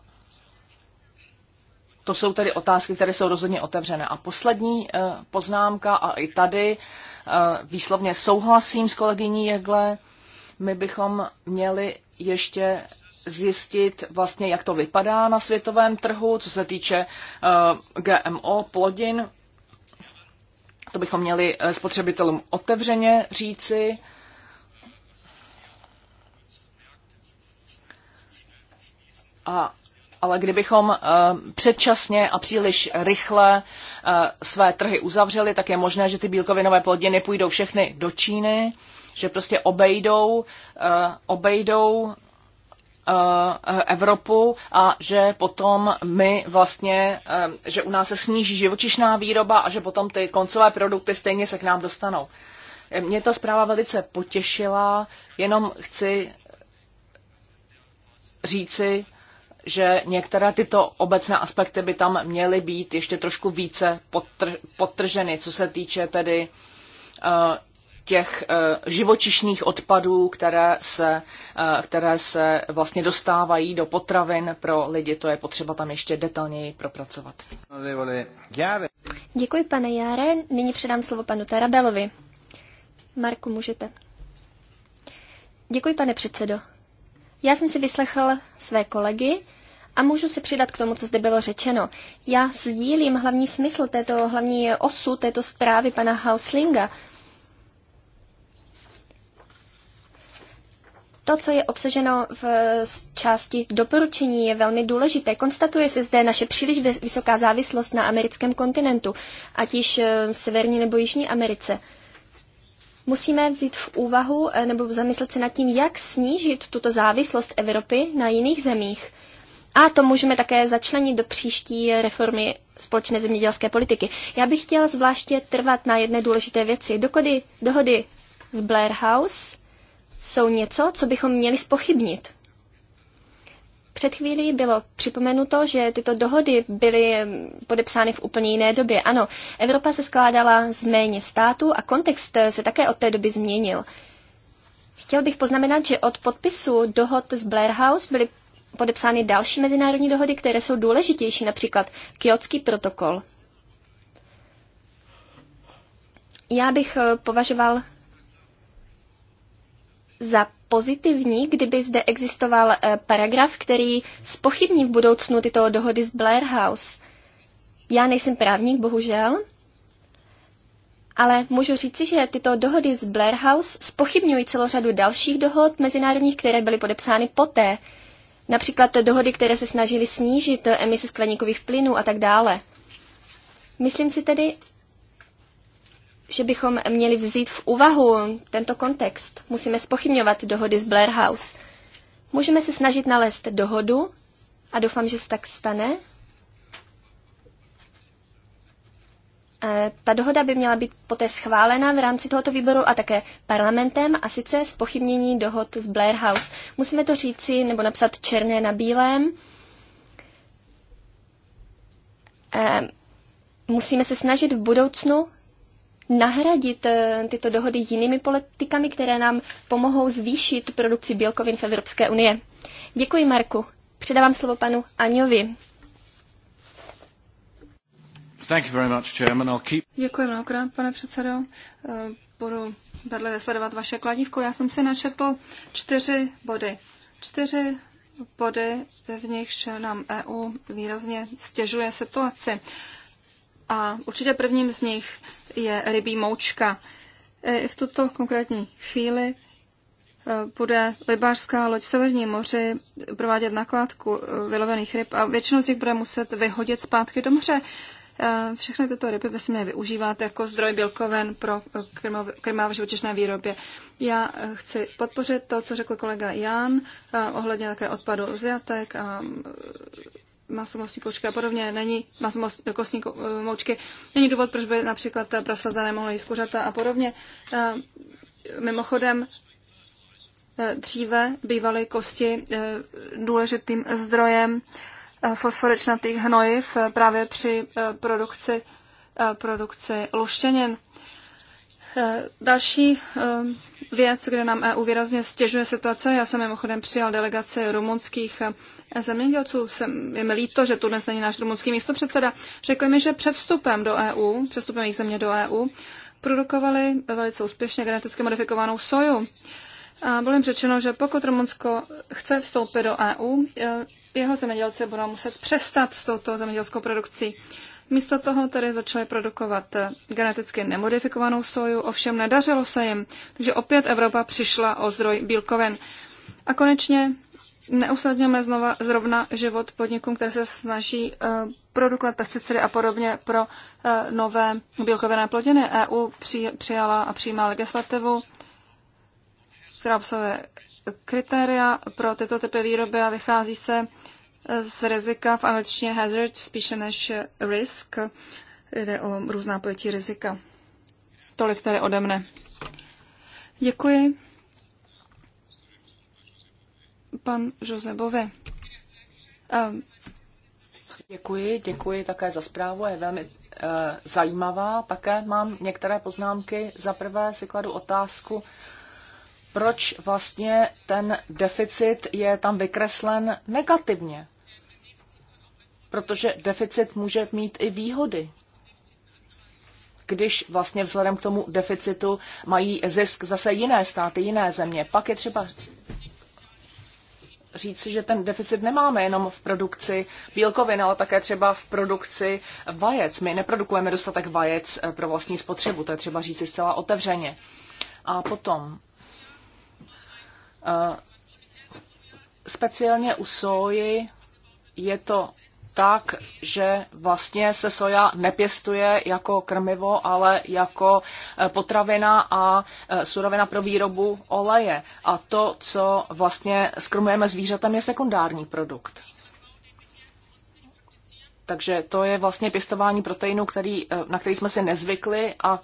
to jsou tedy otázky, které jsou rozhodně otevřené. A poslední eh, poznámka, a i tady eh, výslovně souhlasím s kolegyní Jegle, my bychom měli ještě zjistit vlastně, jak to vypadá na světovém trhu, co se týče eh, GMO, plodin. To bychom měli spotřebitelům otevřeně říci. A ale kdybychom eh, předčasně a příliš rychle eh, své trhy uzavřeli, tak je možné, že ty bílkovinové plodiny půjdou všechny do Číny, že prostě obejdou, eh, obejdou Evropu a že potom my vlastně, že u nás se sníží živočišná výroba a že potom ty koncové produkty stejně se k nám dostanou. Mě ta zpráva velice potěšila, jenom chci říci, že některé tyto obecné aspekty by tam měly být ještě trošku více potr- potrženy, co se týče tedy eh, těch eh, živočišných odpadů, které se, eh, které se vlastně dostávají do potravin pro lidi. To je potřeba tam ještě detailněji propracovat. Děkuji, pane Járe. Nyní předám slovo panu Tarabelovi. Marku, můžete. Děkuji, pane předsedo. Já jsem si vyslechl své kolegy a můžu se přidat k tomu, co zde bylo řečeno. Já sdílím hlavní smysl této, hlavní osu této zprávy pana Hauslinga. To, co je obsaženo v části doporučení, je velmi důležité. Konstatuje se zde naše příliš vysoká závislost na americkém kontinentu, ať již eh, v Severní nebo Jižní Americe. Musíme vzít v úvahu eh, nebo zamyslet se nad tím, jak snížit tuto závislost Evropy na jiných zemích. A to můžeme také začlenit do příští reformy společné zemědělské politiky. Já bych chtěla zvláště trvat na jedné důležité věci. Dokody, dohody z Blair House jsou něco, co bychom měli spochybnit. Před chvílí bylo připomenuto, že tyto dohody byly podepsány v úplně jiné době. Ano, Evropa se skládala z méně států a kontext se také od té doby změnil. Chtěl bych poznamenat, že od podpisu dohod z Blair House byly podepsány další mezinárodní dohody, které jsou důležitější, například Kyotský protokol. Já bych považoval za pozitivní, kdyby zde existoval eh, paragraf, který spochybní v budoucnu tyto dohody z Blair House. Já nejsem právník, bohužel, ale můžu říci, že tyto dohody z Blair House spochybňují celou řadu dalších dohod mezinárodních, které byly podepsány poté. Například dohody, které se snažily snížit emise skleníkových plynů a tak dále. Myslím si tedy, že bychom měli vzít v úvahu tento kontext. Musíme spochybňovat dohody z Blair House. Můžeme se snažit nalézt dohodu a doufám, že se tak stane. E, ta dohoda by měla být poté schválena v rámci tohoto výboru a také parlamentem, a sice spochybnění dohod z Blair House. Musíme to říci nebo napsat černé na bílém. E, musíme se snažit v budoucnu nahradit eh, tyto dohody jinými politikami, které nám pomohou zvýšit produkci bílkovin v Evropské unie. Děkuji, Marku. Předávám slovo panu Aňovi. Keep... Děkuji mnohokrát, pane předsedo. Eh, budu bedlivě sledovat vaše kladívko. Já jsem si načetl čtyři body. Čtyři body, v nichž nám EU výrazně stěžuje situaci a určitě prvním z nich je rybí moučka. E, v tuto konkrétní chvíli e, bude rybářská loď v Severním moři provádět nakládku e, vylovených ryb a většinou z nich bude muset vyhodit zpátky do moře. Všechny tyto ryby bychom je využívat jako zdroj bílkoven pro krmá v živočišné výrobě. Já chci podpořit to, co řekl kolega Jan ohledně také odpadu z jatek a maso mostní koučky a podobně, není maso mostní kostní eh, moučky, není důvod, proč by například eh, prasata nemohla jíst kuřata a podobně. Eh, mimochodem, dříve bývaly kosti důležitým zdrojem fosforečnatých hnojiv právě při produkci, produkci luštěnin. Další věc, kde nám EU výrazně stěžuje situace, já jsem mimochodem přijal delegaci rumunských zemědělců, jsem, je mi líto, že tu dnes není náš rumunský místopředseda, řekli mi, že před vstupem do EU, před vstupem jejich země do EU, produkovali velice úspěšně geneticky modifikovanou soju. A bylo jim řečeno, že pokud Rumunsko chce vstoupit do EU, e, jeho zemědělci budou muset přestat s touto zemědělskou produkcí. Místo toho tedy začali produkovat e, geneticky nemodifikovanou soju, ovšem nedařilo se jim, takže opět Evropa přišla o zdroj bílkovin. A konečně neusnadňujeme znova, zrovna život podnikům, které se snaží eh, produkovat pesticidy a podobně pro eh, nové bílkovinné plodiny. EU přijala a přijímá legislativu, která obsahuje kritéria pro tyto typy výroby a vychází se eh, z rizika v angličtině hazard spíše než risk. Jde o různá pojetí rizika. Tolik tady ode mne. Děkuji pan Jose Bové. Děkuji, děkuji také za zprávu, je velmi uh, zajímavá. Také mám některé poznámky. Za prvé si kladu otázku, proč vlastně ten deficit je tam vykreslen negativně. Protože deficit může mít i výhody když vlastně vzhledem k tomu deficitu mají zisk zase jiné státy, jiné země. Pak je třeba říci, že ten deficit nemáme jenom v produkci bílkovin, ale také třeba v produkci vajec. My neprodukujeme dostatek vajec eh, pro vlastní spotřebu, to je třeba říci zcela otevřeně. A potom eh, speciálně u soji je to tak, že vlastně se soja nepěstuje jako krmivo, ale jako eh, potravina a eh, surovina pro výrobu oleje. A to, co vlastně skrmujeme zvířatem, je sekundární produkt. Takže to je vlastně pěstování proteinu, který, eh, na který jsme si nezvykli a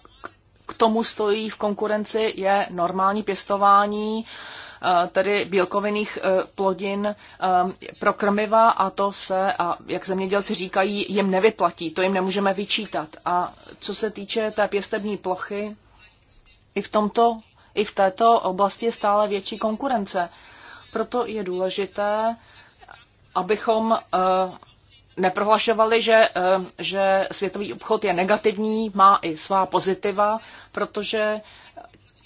k tomu stojí v konkurenci je normální pěstování Eh, tedy bílkovinných eh, plodin eh, pro krmiva a to se, a jak zemědělci říkají, jim nevyplatí, to jim nemůžeme vyčítat. A co se týče té pěstební plochy, i v tomto, i v této oblasti je stále větší konkurence. Proto je důležité, abychom neprohlašovali, že, že světový obchod je negativní, má i svá pozitiva, protože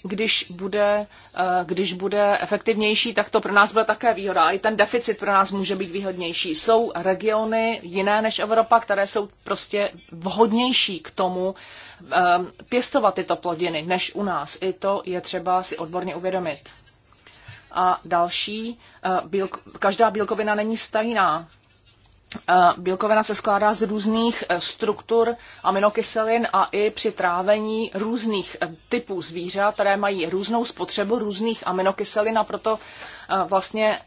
když bude, eh, když bude efektivnější, tak to pro nás bude také výhoda. A i ten deficit pro nás může být výhodnější. Jsou regiony jiné než Evropa, které jsou prostě vhodnější k tomu eh, pěstovat tyto plodiny než u nás. I to je třeba si odborně uvědomit. A další, eh, každá bílkovina není stejná. Eh, bílkovina se skládá z různých eh, struktur aminokyselin a i při trávení různých eh, typů zvířat, které mají různou spotřebu různých aminokyselin a proto vlastně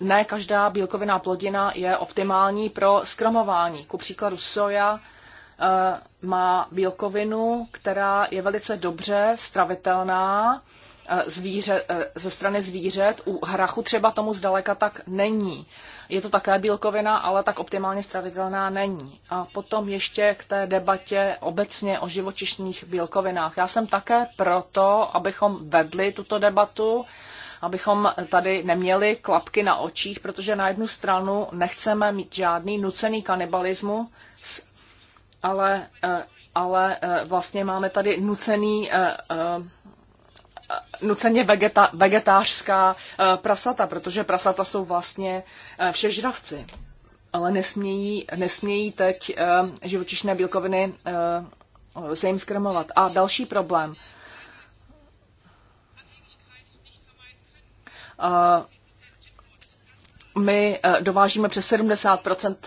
ne každá bílkoviná plodina je optimální pro skromování. Ku příkladu soja má bílkovinu, která je velice dobře stravitelná, Eh, zvíře, eh, ze strany zvířat. U hrachu třeba tomu zdaleka tak není. Je to také bílkovina, ale tak optimálně stravitelná není. A potom ještě k té debatě obecně o živočišných bílkovinách. Já jsem také proto, abychom vedli tuto debatu, abychom tady neměli klapky na očích, protože na jednu stranu nechceme mít žádný nucený kanibalismus, ale eh, ale vlastně máme tady nucený nuceně vegeta, vegetářská eh, prasata, protože prasata jsou vlastně eh, všežravci. Ale nesmějí, nesmějí teď eh, živočišné bílkoviny se jim skrmovat. A další problém my eh, dovážíme přes 70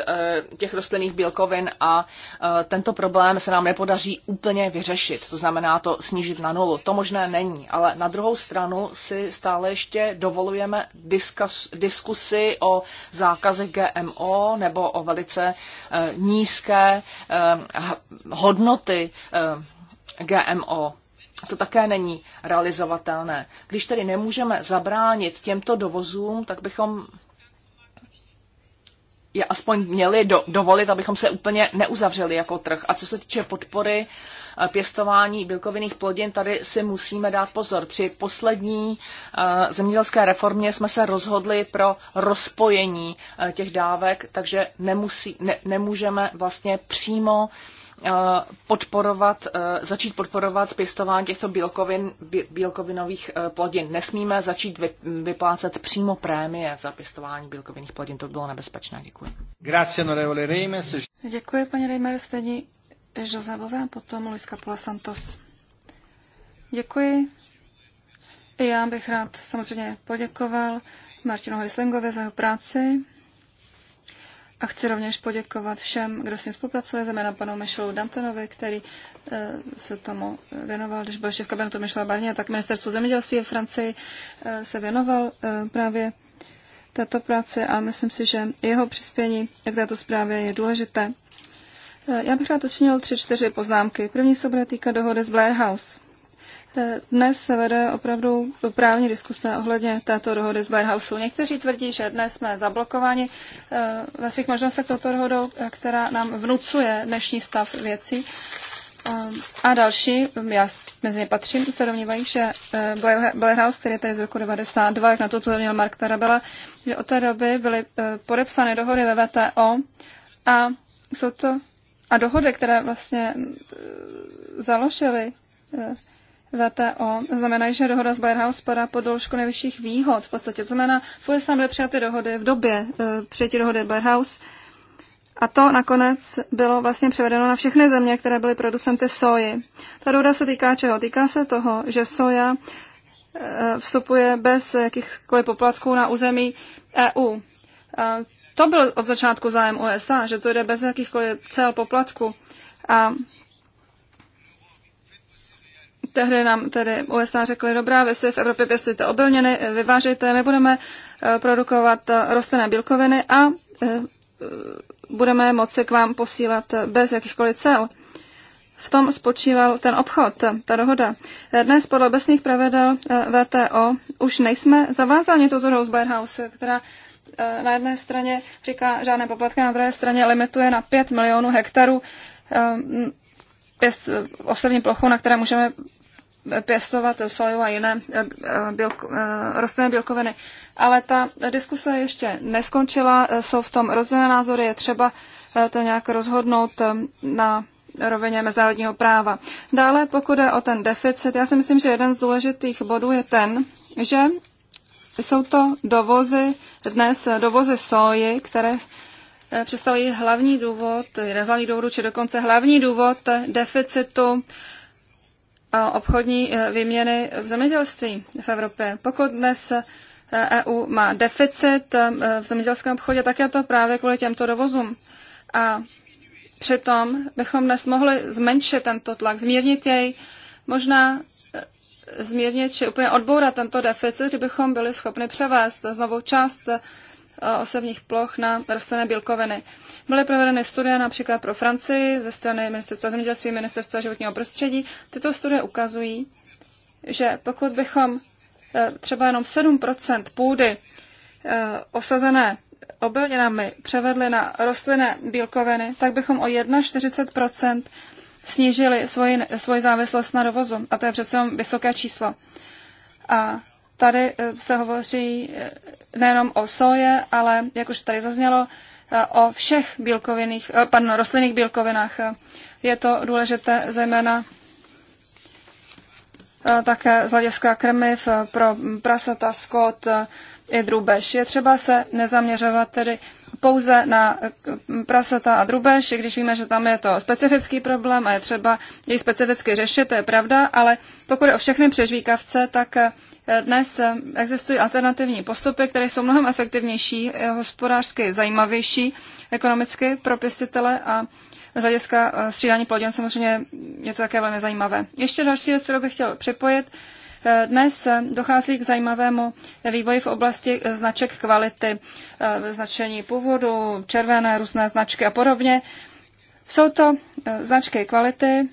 eh, těch rostlinných bílkovin a eh, tento problém se nám nepodaří úplně vyřešit. To znamená to snížit na nulu. To možné není, ale na druhou stranu si stále ještě dovolujeme diskus, diskusy o zákazech GMO nebo o velice nízké hodnoty GMO to také není realizovatelné. Když tedy nemůžeme zabránit těmto dovozům, tak bychom je aspoň měli do, dovolit, abychom se úplně neuzavřeli jako trh. A co se týče podpory eh, pěstování bílkovinných plodin, tady si musíme dát pozor. Při poslední eh, zemědělské reformě jsme se rozhodli pro rozpojení eh, těch dávek, takže nemusí, ne, nemůžeme vlastně přímo uh, Eh, podporovat, eh, začít podporovat pěstování těchto bílkovin, bílkovinových eh, plodin. Nesmíme začít vyplácet přímo prémie za pěstování bílkovinných plodin. To bylo nebezpečné. Děkuji. Děkuji, paní Reimer, stejně Josebové a potom Luis Capula Santos. Děkuji. I já bych rád samozřejmě poděkoval Martinu Heislingovi za jeho práci a chci rovněž poděkovat všem, kdo s ním spolupracuje, zejména panu Michelu Dantonovi, který e, se tomu věnoval, když byl šéf kabinetu Michela Barnier, tak ministerstvo zemědělství v Francii e, se věnoval e, právě této práci a myslím si, že jeho přispění k této zprávě je důležité. Já bych rád učinil tři, čtyři poznámky. První se bude týkat dohody z Blair House. Eh, dnes se vede opravdu právní diskuse ohledně této dohody z Berhausu. Někteří tvrdí, že dnes jsme zablokováni eh, ve svých možnostech touto dohodou, eh, která nám vnucuje dnešní stav věcí. A další, já mezi ně patřím, se domnívají, že Blair House, který je tady z roku 92, jak na to měl Mark Tarabella, že od té doby byly podepsány dohody ve VTO a jsou to a dohody, které vlastně založily VTO znamená, že dohoda z Blairhouse spadá pod doložku nejvyšších výhod. V podstatě to znamená, v USA byly přijaty dohody v době e, přijetí dohody Blairhouse. a to nakonec bylo vlastně převedeno na všechny země, které byly producenty soji. Ta dohoda se týká čeho? Týká se toho, že soja eh, vstupuje bez jakýchkoliv poplatků na území EU. A to byl od začátku zájem USA, že to jde bez jakýchkoliv cel poplatku. A Tehdy nám tedy USA řekly, dobrá, vy si v Evropě pěstujete obilněny, vyvážejte, my budeme eh, produkovat eh, rostlinné bílkoviny a eh, budeme moci k vám posílat bez jakýchkoliv cel. V tom spočíval ten obchod, ta dohoda. Dnes podle obecných pravidel VTO už nejsme zavázáni tuto Rosberg House, která na jedné straně říká žádné poplatky, na druhé straně limituje na 5 milionů hektarů pěst, osevní plochu, na které můžeme pěstovat soju a jiné eh, bělko, eh, rostlinné bílkoviny. Ale ta diskuse ještě neskončila, eh, jsou v tom rozdílné názory, je třeba to nějak rozhodnout na rovině mezinárodního práva. Dále, pokud je o ten deficit, já si myslím, že jeden z důležitých bodů je ten, že jsou to dovozy, dnes dovozy soji, které představují hlavní důvod, jeden z hlavních důvodů, či dokonce hlavní důvod deficitu obchodní eh, výměny v zemědělství v Evropě. Pokud dnes EU eh, e má deficit eh, v zemědělském obchodě, tak je to právě kvůli těmto dovozům. A přitom bychom dnes mohli zmenšit tento tlak, zmírnit jej, možná zmírnit či úplně odbourat tento deficit, kdybychom byli schopni převést znovu část osobních ploch na rostlinné bílkoviny. Byly provedeny studie například pro Francii ze strany Ministerstva zemědělství, Ministerstva životního prostředí. Tyto studie ukazují, že pokud bychom eh, třeba jenom 7 půdy eh, osazené obilninami převedli na rostlinné bílkoviny, tak bychom o 41 snížili svoji, svoji závislost na dovozu. A to je přece vysoké číslo. A tady eh, se hovoří nejenom o soje, ale, jak už tady zaznělo, o všech bílkovinných, eh, pardon, rostlinných bílkovinách. Je to důležité zejména eh, také z hlediska krmiv eh, pro prasata, skot i drůbež. Je třeba se nezaměřovat tedy pouze na eh, prasata a drubež, i když víme, že tam je to specifický problém a je třeba jej specificky řešit, to je pravda, ale pokud je o všechny přežvíkavce, tak eh, dnes eh, existují alternativní postupy, které jsou mnohem efektivnější, hospodářsky zajímavější, ekonomicky pro pěstitele a z hlediska střídání plodin samozřejmě je to také velmi zajímavé. Ještě další věc, kterou bych chtěl připojit, dnes dochází k zajímavému vývoji v oblasti značek kvality, eh, značení původu, červené, různé značky a podobně. Jsou to eh, značky kvality,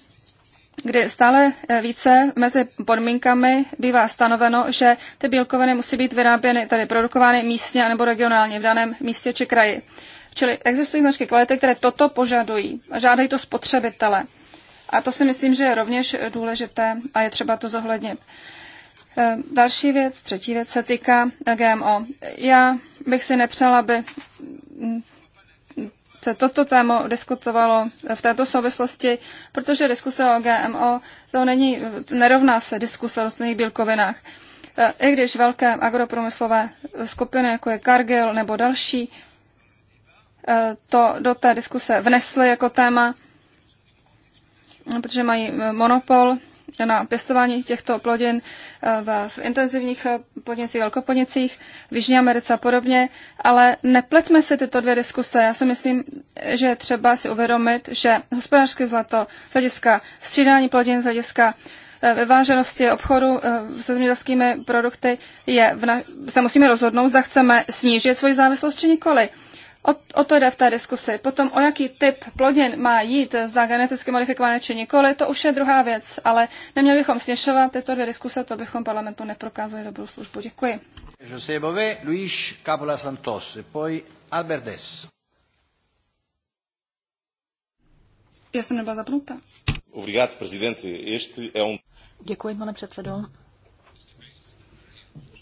kdy stále eh, více mezi podmínkami bývá stanoveno, že ty bílkoviny musí být vyráběny, tady produkovány místně nebo regionálně v daném místě či kraji. Čili existují značky kvality, které toto požadují. Žádají to spotřebitele. A to si myslím, že je rovněž důležité a je třeba to zohlednit. Eh, další věc, třetí věc se týká eh, GMO. Já bych si nepřála, aby mm, se toto téma diskutovalo eh, v této souvislosti, protože diskuse o GMO to není, nerovná se diskuse o rostlinných bílkovinách. I když velké agropromyslové skupiny, jako je Cargill nebo další, to do té diskuse vnesly jako téma, protože mají monopol na pěstování těchto plodin eh, v intenzivních eh, podnicích, velkopodnicích, v Jižní Americe a podobně, ale nepleťme si tyto dvě diskuse. Já si myslím, že je třeba si uvědomit, že hospodářské zlato z hlediska střídání plodin, z hlediska eh, vyváženosti obchodu se zemědělskými produkty je, na, se musíme rozhodnout, zda chceme snížit svoji závislost či nikoli. O, o to jde v té diskusi. Potom, o jaký typ plodin má jít, zda geneticky modifikované či nikoli, to už je druhá věc, ale neměli bychom směšovat tyto dvě diskuse, to bychom parlamentu neprokázali dobrou službu. Děkuji. José Bové, Luis Capola Santos, poi Albert Dess. Já jsem nebyla zapnuta. Obrigado, Este é um... Děkuji, pane předsedo.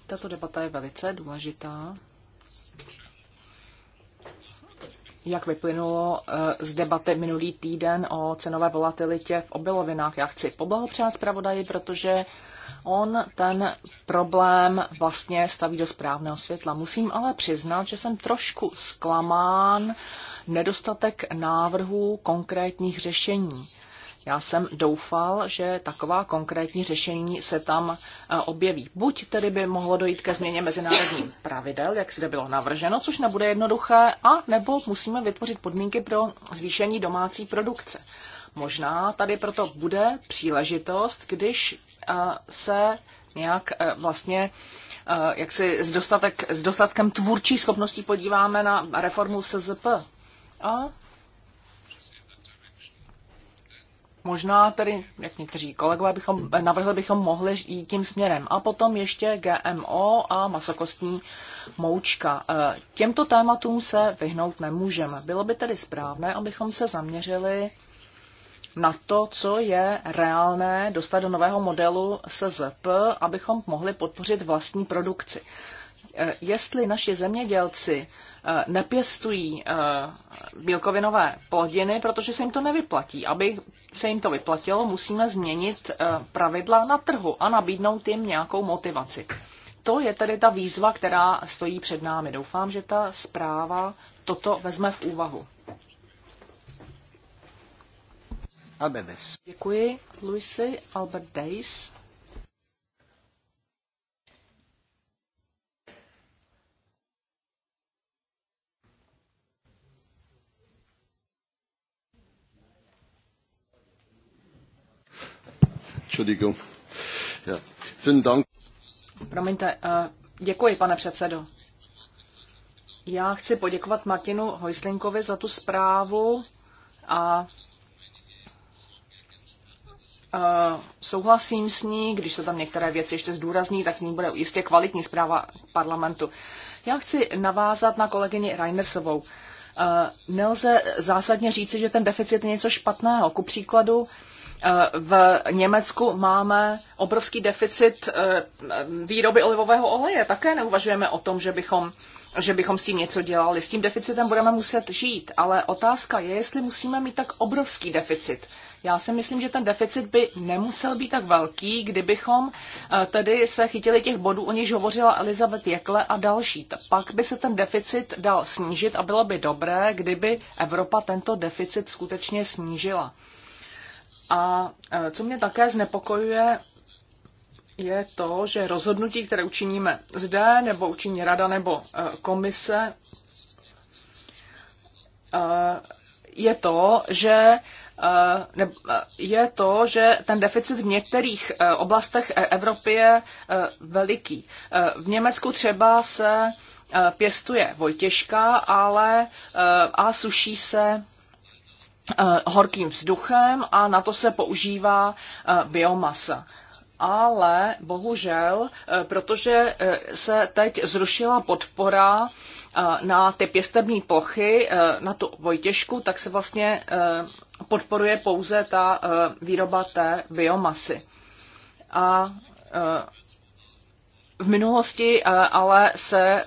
Tato debata je velice důležitá jak vyplynulo eh, z debaty minulý týden o cenové volatilitě v obilovinách. Já chci poblahopřát zpravodaji, protože on ten problém vlastně staví do správného světla. Musím ale přiznat, že jsem trošku zklamán nedostatek návrhů konkrétních řešení. Já jsem doufal, že taková konkrétní řešení se tam e, objeví. Buď tedy by mohlo dojít ke změně mezinárodních pravidel, jak zde bylo navrženo, což nebude jednoduché, a nebo musíme vytvořit podmínky pro zvýšení domácí produkce. Možná tady proto bude příležitost, když e, se nějak e, vlastně jak si s, dostatek, s dostatkem tvůrčí schopností podíváme na reformu SZP. A Možná tedy, jak někteří kolegové bychom, navrhli, bychom mohli jít tím směrem. A potom ještě GMO a masokostní moučka. E, těmto tématům se vyhnout nemůžeme. Bylo by tedy správné, abychom se zaměřili na to, co je reálné dostat do nového modelu SZP, abychom mohli podpořit vlastní produkci. E, jestli naši zemědělci e, nepěstují bílkovinové plodiny, protože se jim to nevyplatí, aby se jim to vyplatilo, musíme změnit eh, pravidla na trhu a nabídnout jim nějakou motivaci. To je tedy ta výzva, která stojí před námi. Doufám, že ta zpráva toto vezme v úvahu. Albedes. Děkuji, Luisi Albert Days. Entschuldigung. Ja. Vielen Dank. Promiňte, eh, děkuji, pane předsedo. Já chci poděkovat Martinu Hojslinkovi za tu zprávu a eh, souhlasím s ní, když se tam některé věci ještě zdůrazní, tak s ní bude jistě kvalitní zpráva parlamentu. Já chci navázat na kolegyni Reinersovou. Eh, nelze zásadně říci, že ten deficit je něco špatného. Ku příkladu, v Německu máme obrovský deficit eh, výroby olivového oleje. Také neuvažujeme o tom, že bychom, že bychom s tím něco dělali. S tím deficitem budeme muset žít, ale otázka je, jestli musíme mít tak obrovský deficit. Já si myslím, že ten deficit by nemusel být tak velký, kdybychom eh, tedy se chytili těch bodů, o nichž hovořila Elizabeth Jekle a další. Pak by se ten deficit dal snížit a bylo by dobré, kdyby Evropa tento deficit skutečně snížila. A e, co mě také znepokojuje, je to, že rozhodnutí, které učiníme zde, nebo učiní rada nebo e, komise, e, je to, že je to, že ten deficit v některých oblastech Evropy je veliký. V Německu třeba se pěstuje vojtěžka ale, a suší se Eh, horkým vzduchem a na to se používá eh, biomasa ale bohužel, eh, protože se teď zrušila podpora na ty pěstební plochy, na tu vojtěžku, tak se vlastně podporuje pouze ta výroba té biomasy. A v minulosti eh, ale se eh,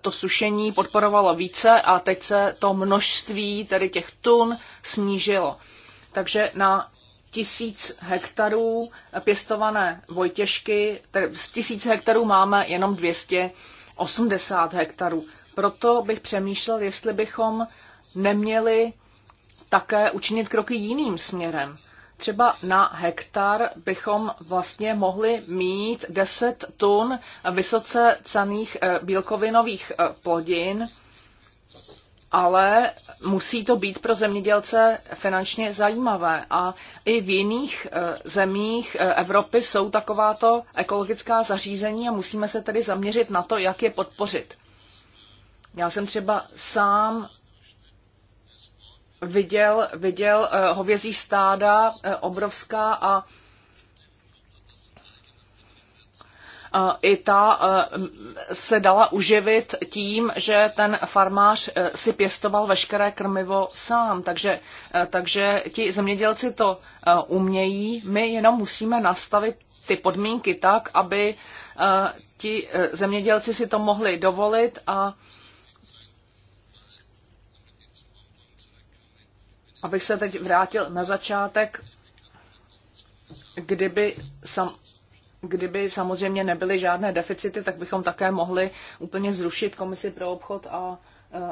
to sušení podporovalo více a teď se to množství tedy těch tun snížilo. Takže na tisíc hektarů pěstované vojtěžky, z tisíc hektarů máme jenom 280 hektarů. Proto bych přemýšlel, jestli bychom neměli také učinit kroky jiným směrem třeba na hektar bychom vlastně mohli mít 10 tun vysoce cených eh, bílkovinových eh, plodin, ale musí to být pro zemědělce finančně zajímavé. A i v jiných eh, zemích Evropy jsou takováto ekologická zařízení a musíme se tedy zaměřit na to, jak je podpořit. Já jsem třeba sám viděl, viděl eh, hovězí stáda eh, obrovská a eh, i ta se dala uživit tím, že ten farmář si pěstoval veškeré krmivo sám. Takže, takže ti zemědělci to umějí, my jenom musíme nastavit ty podmínky tak, aby ti zemědělci si to mohli dovolit a abych se teď vrátil na začátek, kdyby, sam, kdyby samozřejmě nebyly žádné deficity, tak bychom také mohli úplně zrušit komisi pro obchod a,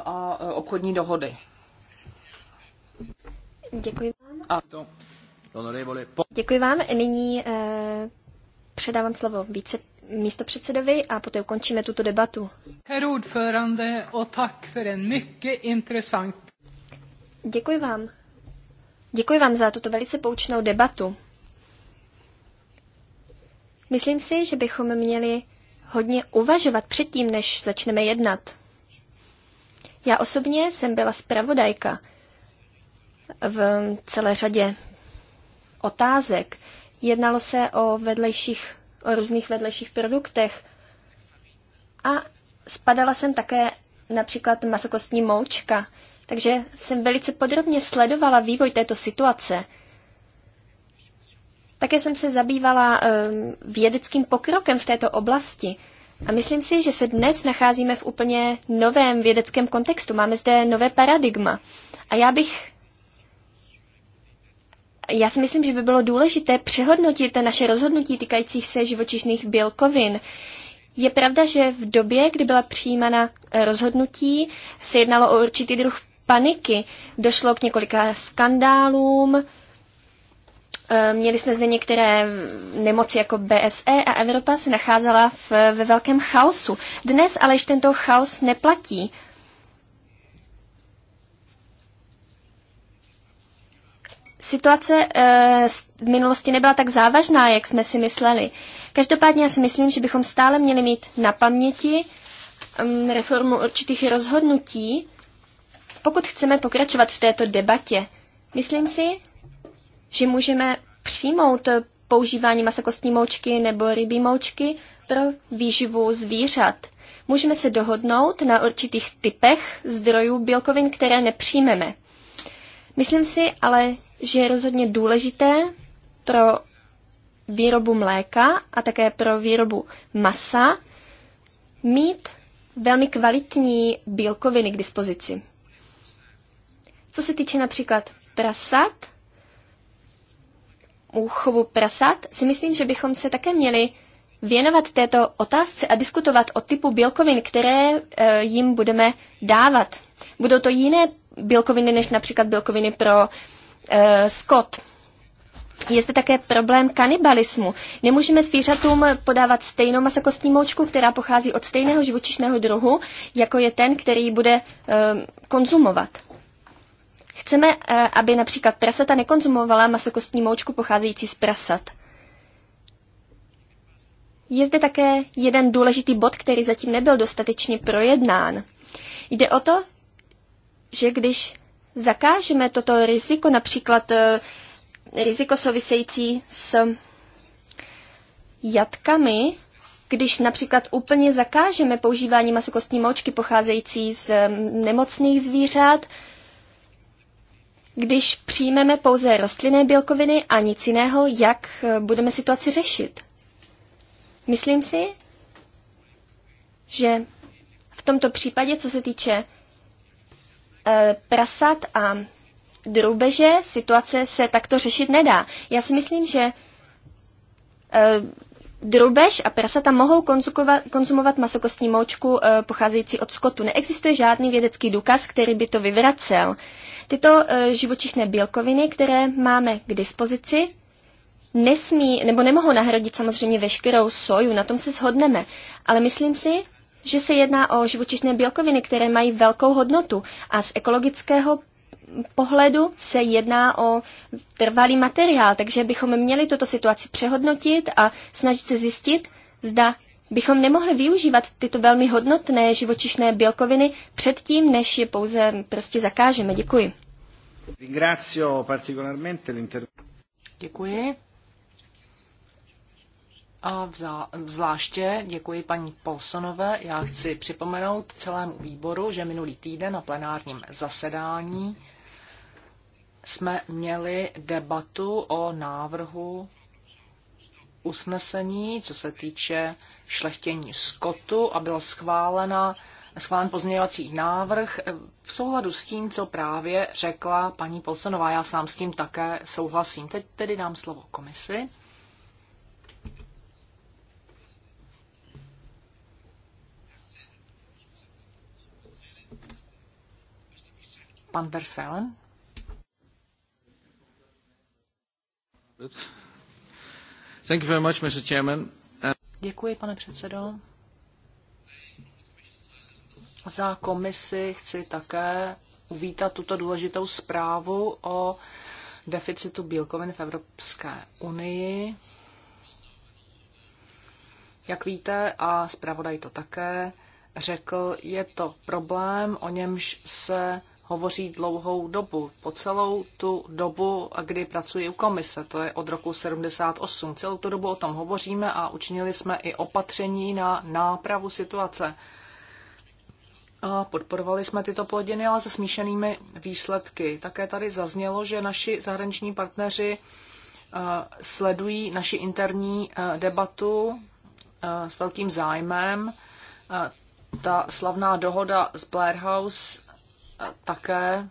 a obchodní dohody. Děkuji vám. A... Děkuji vám. Nyní eh, předávám slovo více předsedovi a poté ukončíme tuto debatu. Herr ordförande, och tak för en mycket intressant Děkuji vám. Děkuji vám za tuto velice poučnou debatu. Myslím si, že bychom měli hodně uvažovat předtím, než začneme jednat. Já osobně jsem byla zpravodajka v celé řadě otázek. Jednalo se o, vedlejších, o různých vedlejších produktech a spadala jsem také například masokostní moučka. Takže jsem velice podrobně sledovala vývoj této situace. Také jsem se zabývala um, vědeckým pokrokem v této oblasti. A myslím si, že se dnes nacházíme v úplně novém vědeckém kontextu. Máme zde nové paradigma. A já bych. Já si myslím, že by bylo důležité přehodnotit naše rozhodnutí týkajících se živočišných bílkovin. Je pravda, že v době, kdy byla přijímána eh, rozhodnutí, se jednalo o určitý druh paniky. Došlo k několika skandálům, eh, Měli jsme zde některé nemoci jako BSE a Evropa se nacházela v, ve velkém chaosu. Dnes ale již tento chaos neplatí. Situace uh, v minulosti nebyla tak závažná, jak jsme si mysleli. Každopádně já si myslím, že bychom stále měli mít na paměti mm, reformu určitých rozhodnutí, pokud chceme pokračovat v této debatě, myslím si, že můžeme přijmout používání masakostní moučky nebo rybí moučky pro výživu zvířat. Můžeme se dohodnout na určitých typech zdrojů bílkovin, které nepřijmeme. Myslím si ale, že je rozhodně důležité pro výrobu mléka a také pro výrobu masa mít velmi kvalitní bílkoviny k dispozici. Co se týče například prasat, úchovu prasat, si myslím, že bychom se také měli věnovat této otázce a diskutovat o typu bílkovin, které e, jim budeme dávat. Budou to jiné bílkoviny než například bílkoviny pro e, skot. Je zde také problém kanibalismu. Nemůžeme zvířatům podávat stejnou masakostní moučku, která pochází od stejného živočišného druhu, jako je ten, který bude e, konzumovat. Chceme, eh, aby například prasata nekonzumovala masokostní moučku pocházející z prasat. Je zde také jeden důležitý bod, který zatím nebyl dostatečně projednán. Jde o to, že když zakážeme toto riziko, například eh, riziko související s jatkami, když například úplně zakážeme používání masokostní moučky pocházející z eh, nemocných zvířat, když přijmeme pouze rostlinné bílkoviny a nic jiného, jak eh, budeme situaci řešit. Myslím si, že v tomto případě, co se týče eh, prasat a drůbeže, situace se takto řešit nedá. Já si myslím, že eh, Drubež a prasata mohou konzumovat, masokostní moučku e, pocházející od skotu. Neexistuje žádný vědecký důkaz, který by to vyvracel. Tyto e, živočišné bílkoviny, které máme k dispozici, nesmí nebo nemohou nahradit samozřejmě veškerou soju, na tom se shodneme. Ale myslím si, že se jedná o živočišné bílkoviny, které mají velkou hodnotu a z ekologického pohledu se jedná o trvalý materiál, takže bychom měli tuto situaci přehodnotit a snažit se zjistit, zda bychom nemohli využívat tyto velmi hodnotné živočišné bílkoviny předtím, než je pouze prostě zakážeme. Děkuji. Děkuji. A vzá, zvláště děkuji paní Polsonové. Já chci připomenout celému výboru, že minulý týden na plenárním zasedání jsme měli debatu o návrhu usnesení, co se týče šlechtění skotu a byl schválena, schválen pozměňovací návrh v souladu s tím, co právě řekla paní Polsenová. Já sám s tím také souhlasím. Teď tedy dám slovo komisi. Pan Verselen. Thank you very much, Mr. Chairman. Děkuji, pane předsedo. Za komisi chci také uvítat tuto důležitou zprávu o deficitu bílkovin v Evropské unii. Jak víte, a zpravodaj to také řekl, je to problém, o němž se hovoří dlouhou dobu, po celou tu dobu, kdy pracuji u komise, to je od roku 78. Celou tu dobu o tom hovoříme a učinili jsme i opatření na nápravu situace. A podporovali jsme tyto plodiny, ale se smíšenými výsledky. Také tady zaznělo, že naši zahraniční partneři eh, sledují naši interní eh, debatu eh, s velkým zájmem. Ta slavná dohoda z Blair House také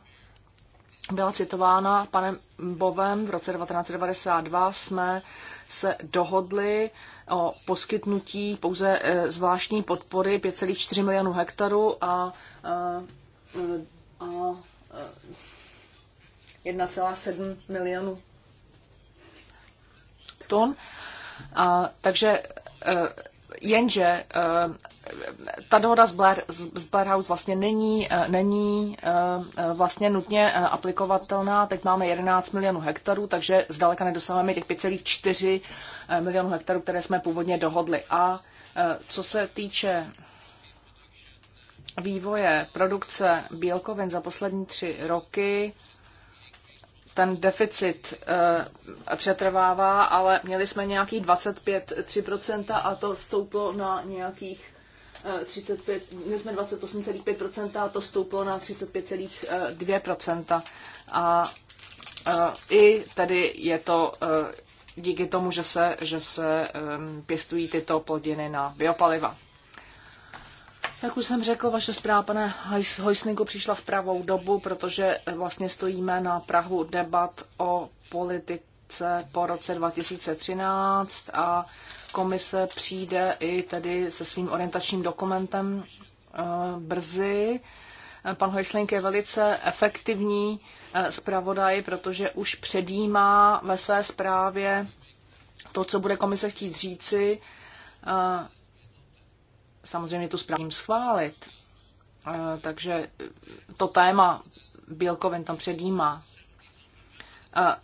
byla citována panem Bovem v roce 1992, jsme se dohodli o poskytnutí pouze e, zvláštní podpory 5,4 milionů hektarů a, e, a, e, a 1,7 milionů tun. A, takže jenže ta dohoda z Blair, z Blair House vlastně není, eh, není eh, eh, vlastně nutně aplikovatelná. Teď máme 11 milionů hektarů, takže zdaleka nedosáváme těch 5,4 milionů hektarů, které jsme původně dohodli. A co se týče vývoje produkce bílkovin za poslední tři roky, ten deficit e, přetrvává, ale měli jsme nějaký 25-3% a to stouplo na nějakých 35, jsme 28,5% a to stouplo na 35,2%. A e, i tedy je to e, díky tomu, že se, že se e, pěstují tyto plodiny na biopaliva. Jak už jsem řekl, vaše zpráva, pane Hojsniku, přišla v pravou dobu, protože vlastně stojíme na prahu debat o politik, po roce 2013 a komise přijde i tedy se svým orientačním dokumentem eh, brzy. Pan Hojslink je velice efektivní eh, zpravodaj, protože už předjímá ve své zprávě to, co bude komise chtít říci. Eh, samozřejmě tu zprávu schválit. Takže to téma Bílkovin tam předjímá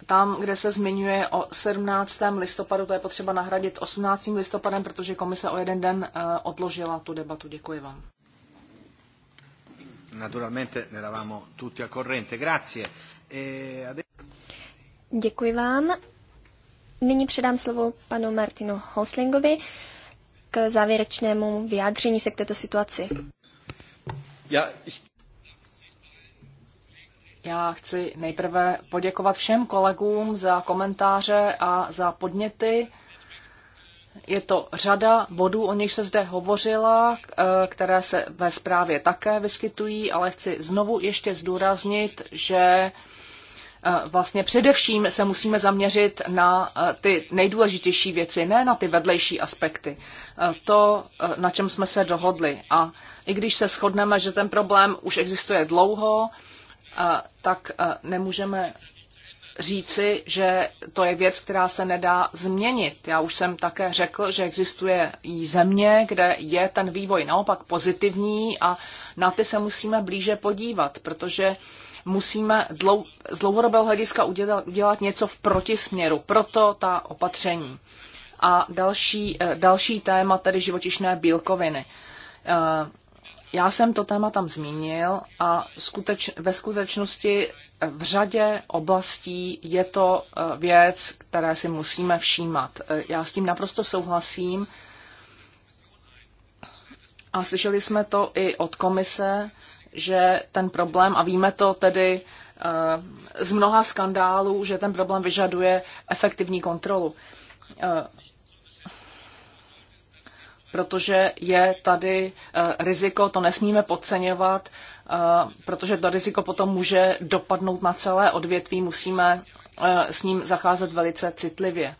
tam, kde se zmiňuje o 17. listopadu, to je potřeba nahradit 18. listopadem, protože komise o jeden den eh, odložila tu debatu. Děkuji vám. Naturalmente eravamo tutti al corrente. Grazie. E Děkuji vám. Nyní předám slovo panu Martinu Hoslingovi k závěrečnému vyjádření se k této situaci. Ja, ich... Já chci nejprve poděkovat všem kolegům za komentáře a za podněty. Je to řada bodů, o nich se zde hovořila, eh, které se ve zprávě také vyskytují, ale chci znovu ještě zdůraznit, že eh, vlastně především se musíme zaměřit na eh, ty nejdůležitější věci, ne na ty vedlejší aspekty. To, na čem jsme se dohodli. A i když se shodneme, že ten problém už existuje dlouho, tak nemůžeme říci, že to je věc, která se nedá změnit. Já už jsem také řekl, že existuje i země, kde je ten vývoj naopak pozitivní a na ty se musíme blíže podívat, protože musíme dlou, z dlouhodobého hlediska udělat, udělat něco v protisměru. Proto ta opatření. A další, eh, další téma, tedy živočišné bílkoviny. Eh, já jsem to téma tam zmínil a skuteč, ve skutečnosti eh, v řadě oblastí je to eh, věc, které si musíme všímat. Eh, já s tím naprosto souhlasím. A slyšeli jsme to i od komise, že ten problém, a víme to tedy z mnoha skandálů, že ten problém vyžaduje efektivní kontrolu protože je tady eh, riziko, to nesmíme podceňovat, eh, protože to riziko potom může dopadnout na celé odvětví, musíme eh, s ním zacházet velice citlivě.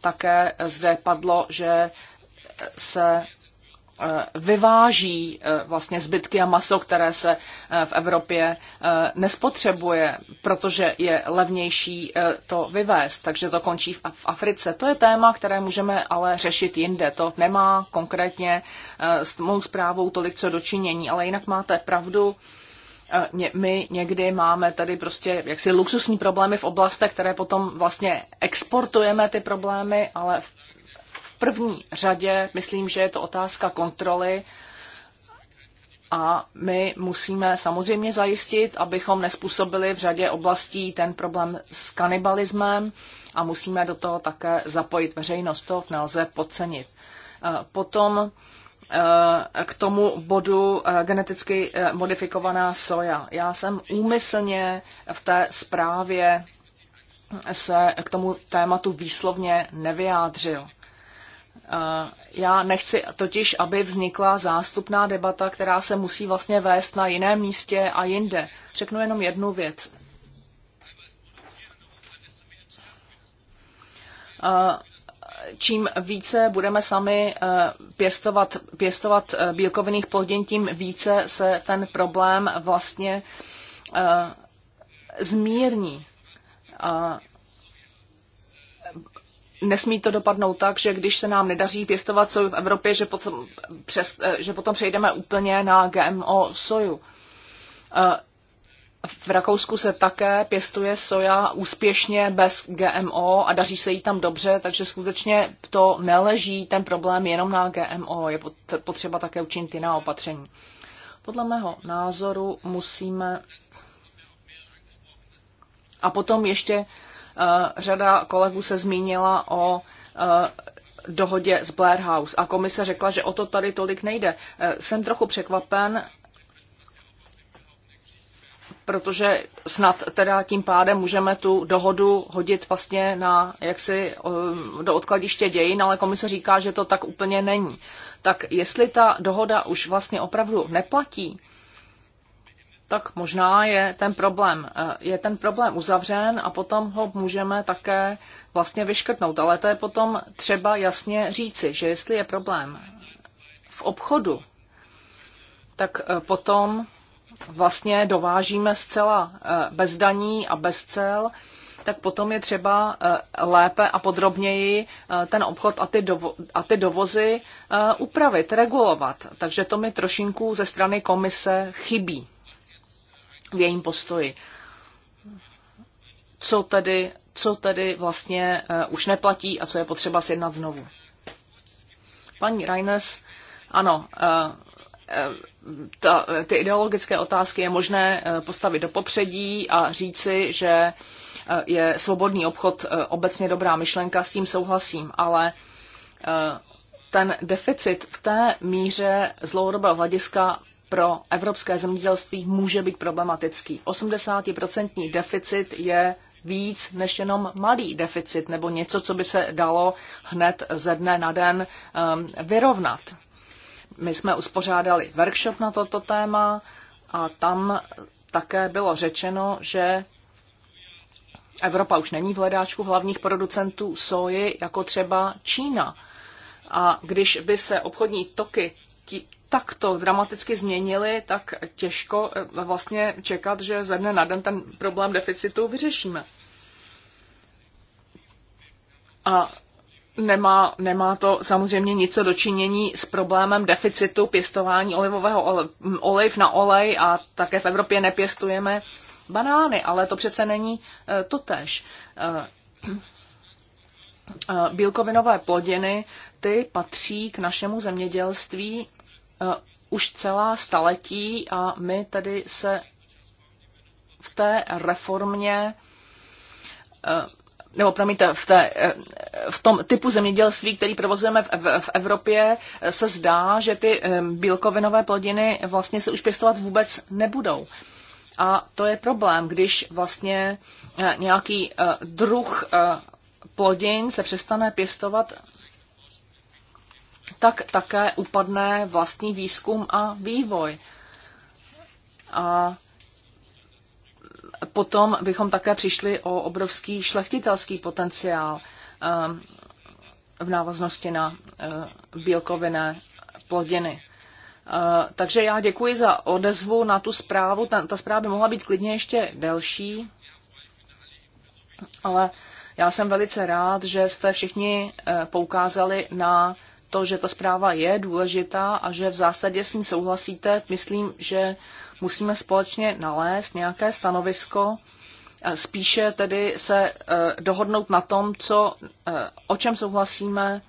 Také zde padlo, že se Eh, vyváží eh, vlastně zbytky a maso, které se eh, v Evropě nespotřebuje, protože je levnější to vyvést, takže to končí v Africe. To je téma, které můžeme ale řešit jinde. To nemá konkrétně s mou zprávou tolik co dočinění, ale jinak máte pravdu. My někdy máme tady prostě jaksi luxusní problémy v oblastech, které potom vlastně exportujeme ty problémy, ale v v první řadě myslím, že je to otázka kontroly a my musíme samozřejmě zajistit, abychom nespůsobili v řadě oblastí ten problém s kanibalismem a musíme do toho také zapojit veřejnost. To nelze podcenit. Eh, potom eh, k tomu bodu eh, geneticky modifikovaná soja. Já jsem úmyslně v té zprávě se k tomu tématu výslovně nevyjádřil. Eh, já nechci totiž, aby vznikla zástupná debata, která se musí vlastně vést na jiném místě a jinde. Řeknu jenom jednu věc. Eh, čím více budeme sami eh, pěstovat, pěstovat bílkovinných plodin, tím více se ten problém vlastně zmírní nesmí to dopadnout tak, že když se nám nedaří pěstovat soju v Evropě, že potom, přes, eh, že potom přejdeme úplně na GMO soju. Eh, v Rakousku se také pěstuje soja úspěšně bez GMO a daří se jí tam dobře, takže skutečně to neleží ten problém jenom na GMO. Je potřeba také učinit jiná opatření. Podle mého názoru musíme. A potom ještě Eh, řada kolegů se zmínila o eh, dohodě z Blair House a komise řekla, že o to tady tolik nejde. Eh, jsem trochu překvapen, protože snad teda tím pádem můžeme tu dohodu hodit vlastně na jaksi do odkladiště dějin, ale komise říká, že to tak úplně není. Tak jestli ta dohoda už vlastně opravdu neplatí, tak možná je ten problém, eh, je ten problém uzavřen a potom ho můžeme také vlastně vyškrtnout. Ale to je potom třeba jasně říci, že jestli je problém v obchodu, tak eh, potom vlastně dovážíme zcela eh, bez daní a bez cel, tak potom je třeba lépe a podrobněji ten obchod a ty, dovo- a ty dovozy upravit, regulovat. Takže to mi trošinku ze strany komise chybí v jejím postoji. Co tedy, co tedy vlastně eh, už neplatí a co je potřeba sjednat znovu. Paní Reines, ano, eh, eh, ta, ty ideologické otázky je možné postavit do popředí a říci, že je svobodný obchod obecně dobrá myšlenka, s tím souhlasím, ale ten deficit v té míře z dlouhodobého hlediska pro evropské zemědělství může být problematický. 80% deficit je víc než jenom malý deficit nebo něco, co by se dalo hned ze dne na den um, vyrovnat. My jsme uspořádali workshop na toto téma a tam také bylo řečeno, že Evropa už není v hledáčku hlavních producentů soji, jako třeba Čína. A když by se obchodní toky takto dramaticky změnili, tak těžko eh, vlastně čekat, že ze dne na den ten problém deficitu vyřešíme. A nemá, nemá to samozřejmě nic dočinění s problémem deficitu pěstování olivového oliv na olej a také v Evropě nepěstujeme banány, ale to přece není eh, to tež. Eh, Eh, bílkovinové plodiny, ty patří k našemu zemědělství eh, už celá staletí a my tedy se v té reformě eh, nebo promiňte, v, té, v tom typu zemědělství, který provozujeme v, v Evropě, se zdá, že ty bílkovinové plodiny vlastně se už pěstovat vůbec nebudou. A to je problém, když vlastně nějaký druh plodin se přestane pěstovat, tak také upadne vlastní výzkum a vývoj. A potom bychom také přišli o obrovský šlechtitelský potenciál ehm, v návaznosti na eh, bílkovinné plodiny. Eh, takže já děkuji za odezvu na tu zprávu. Ta, ta zpráva by mohla být klidně ještě delší, ale já jsem velice rád, že jste všichni eh, poukázali na to, že ta zpráva je důležitá a že v zásadě s ní souhlasíte. Myslím, že musíme společně nalézt nějaké stanovisko, eh, spíše tedy se eh, dohodnout na tom, co, o čem souhlasíme,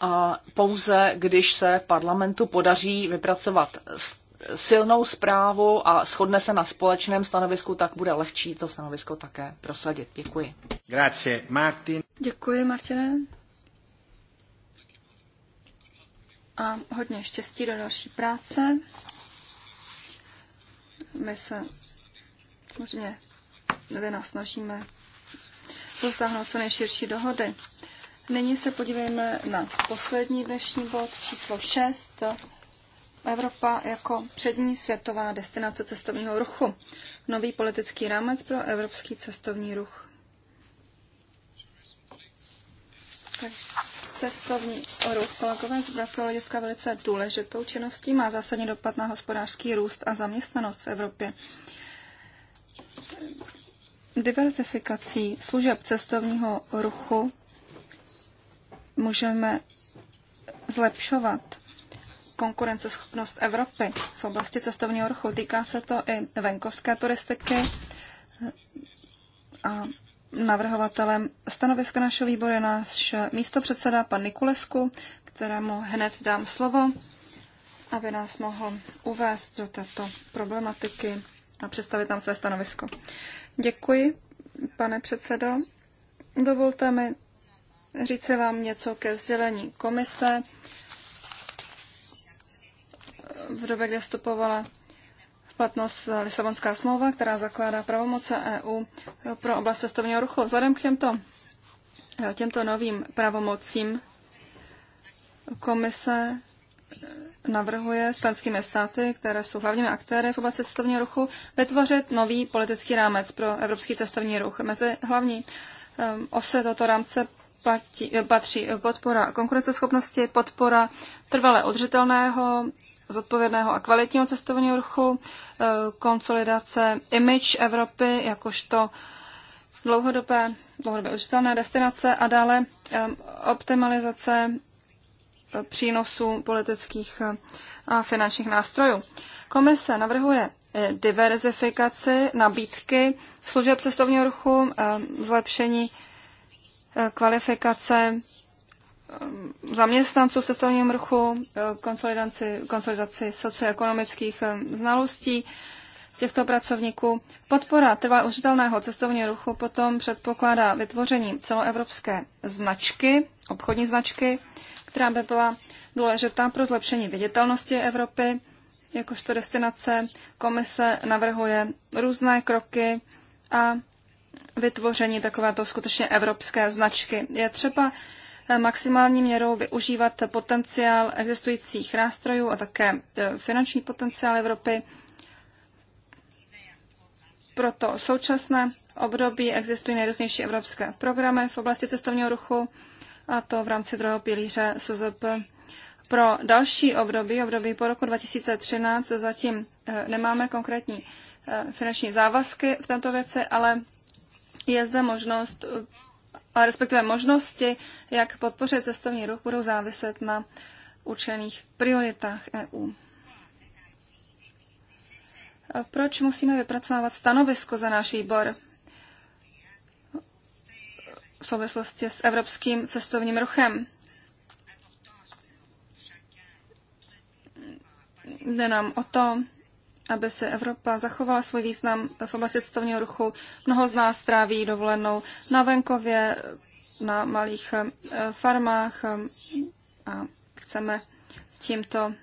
a pouze když se parlamentu podaří vypracovat silnou zprávu a shodne se na společném stanovisku, tak bude lehčí to stanovisko také prosadit. Děkuji. Grazie, Martin. Děkuji, Martine. A hodně štěstí do další práce. My se samozřejmě nás snažíme dosáhnout co nejširší dohody. Nyní se podívejme na poslední dnešní bod, číslo 6. Evropa jako přední světová destinace cestovního ruchu. Nový politický rámec pro evropský cestovní ruch. Tak cestovní ruch, kolegové, z Bratského hlediska velice důležitou činností, má zásadní dopad na hospodářský růst a zaměstnanost v Evropě. Diverzifikací služeb cestovního ruchu můžeme zlepšovat konkurenceschopnost Evropy v oblasti cestovního ruchu. Týká se to i venkovské turistiky a navrhovatelem stanoviska našeho výboru je náš místopředseda pan Nikulesku, kterému hned dám slovo, aby nás mohl uvést do této problematiky a představit nám své stanovisko. Děkuji, pane předsedo. Dovolte mi říci vám něco ke sdělení komise. V době, kdy vstupovala v platnost Lisabonská smlouva, která zakládá pravomoce EU pro oblast cestovního ruchu. Vzhledem k těmto, těmto novým pravomocím komise navrhuje členskými státy, které jsou hlavními aktéry v oblasti cestovního ruchu, vytvořit nový politický rámec pro evropský cestovní ruch. Mezi hlavní um, ose tohoto rámce patí, eh, patří eh, podpora konkurenceschopnosti, podpora trvale odřetelného, zodpovědného a kvalitního cestovního ruchu, eh, konsolidace image Evropy jakožto dlouhodobé, dlouhodobě udržitelné destinace a dále optimalizace přínosů politických a finančních nástrojů. Komise navrhuje diverzifikaci nabídky služeb cestovního ruchu, zlepšení Eh, kvalifikace eh, zaměstnanců v cestovním ruchu, eh, konsolidaci, konsolidaci socioekonomických znalostí těchto pracovníků. Podpora trvá užitelného cestovního ruchu potom předpokládá vytvoření celoevropské značky, obchodní značky, která by byla důležitá pro zlepšení viditelnosti Evropy. Jakožto destinace komise navrhuje různé kroky a vytvoření takovéto skutečně evropské značky. Je třeba eh, maximální měrou využívat potenciál existujících nástrojů a také eh, finanční potenciál Evropy. Proto v současné období existují nejrůznější evropské programy v oblasti cestovního ruchu, a to v rámci druhého pilíře SZP. Pro další období, období po roku 2013, zatím eh, nemáme konkrétní finanční závazky v této věci, ale je zde možnost, ale respektive možnosti, jak podpořit cestovní ruch, budou záviset na učených prioritách EU. Proč musíme vypracovávat stanovisko za náš výbor v souvislosti s evropským cestovním ruchem? Jde nám o to, aby si Evropa zachovala svůj význam v oblasti cestovního ruchu. Mnoho z nás tráví dovolenou na venkově, na malých eh, farmách eh, a chceme tímto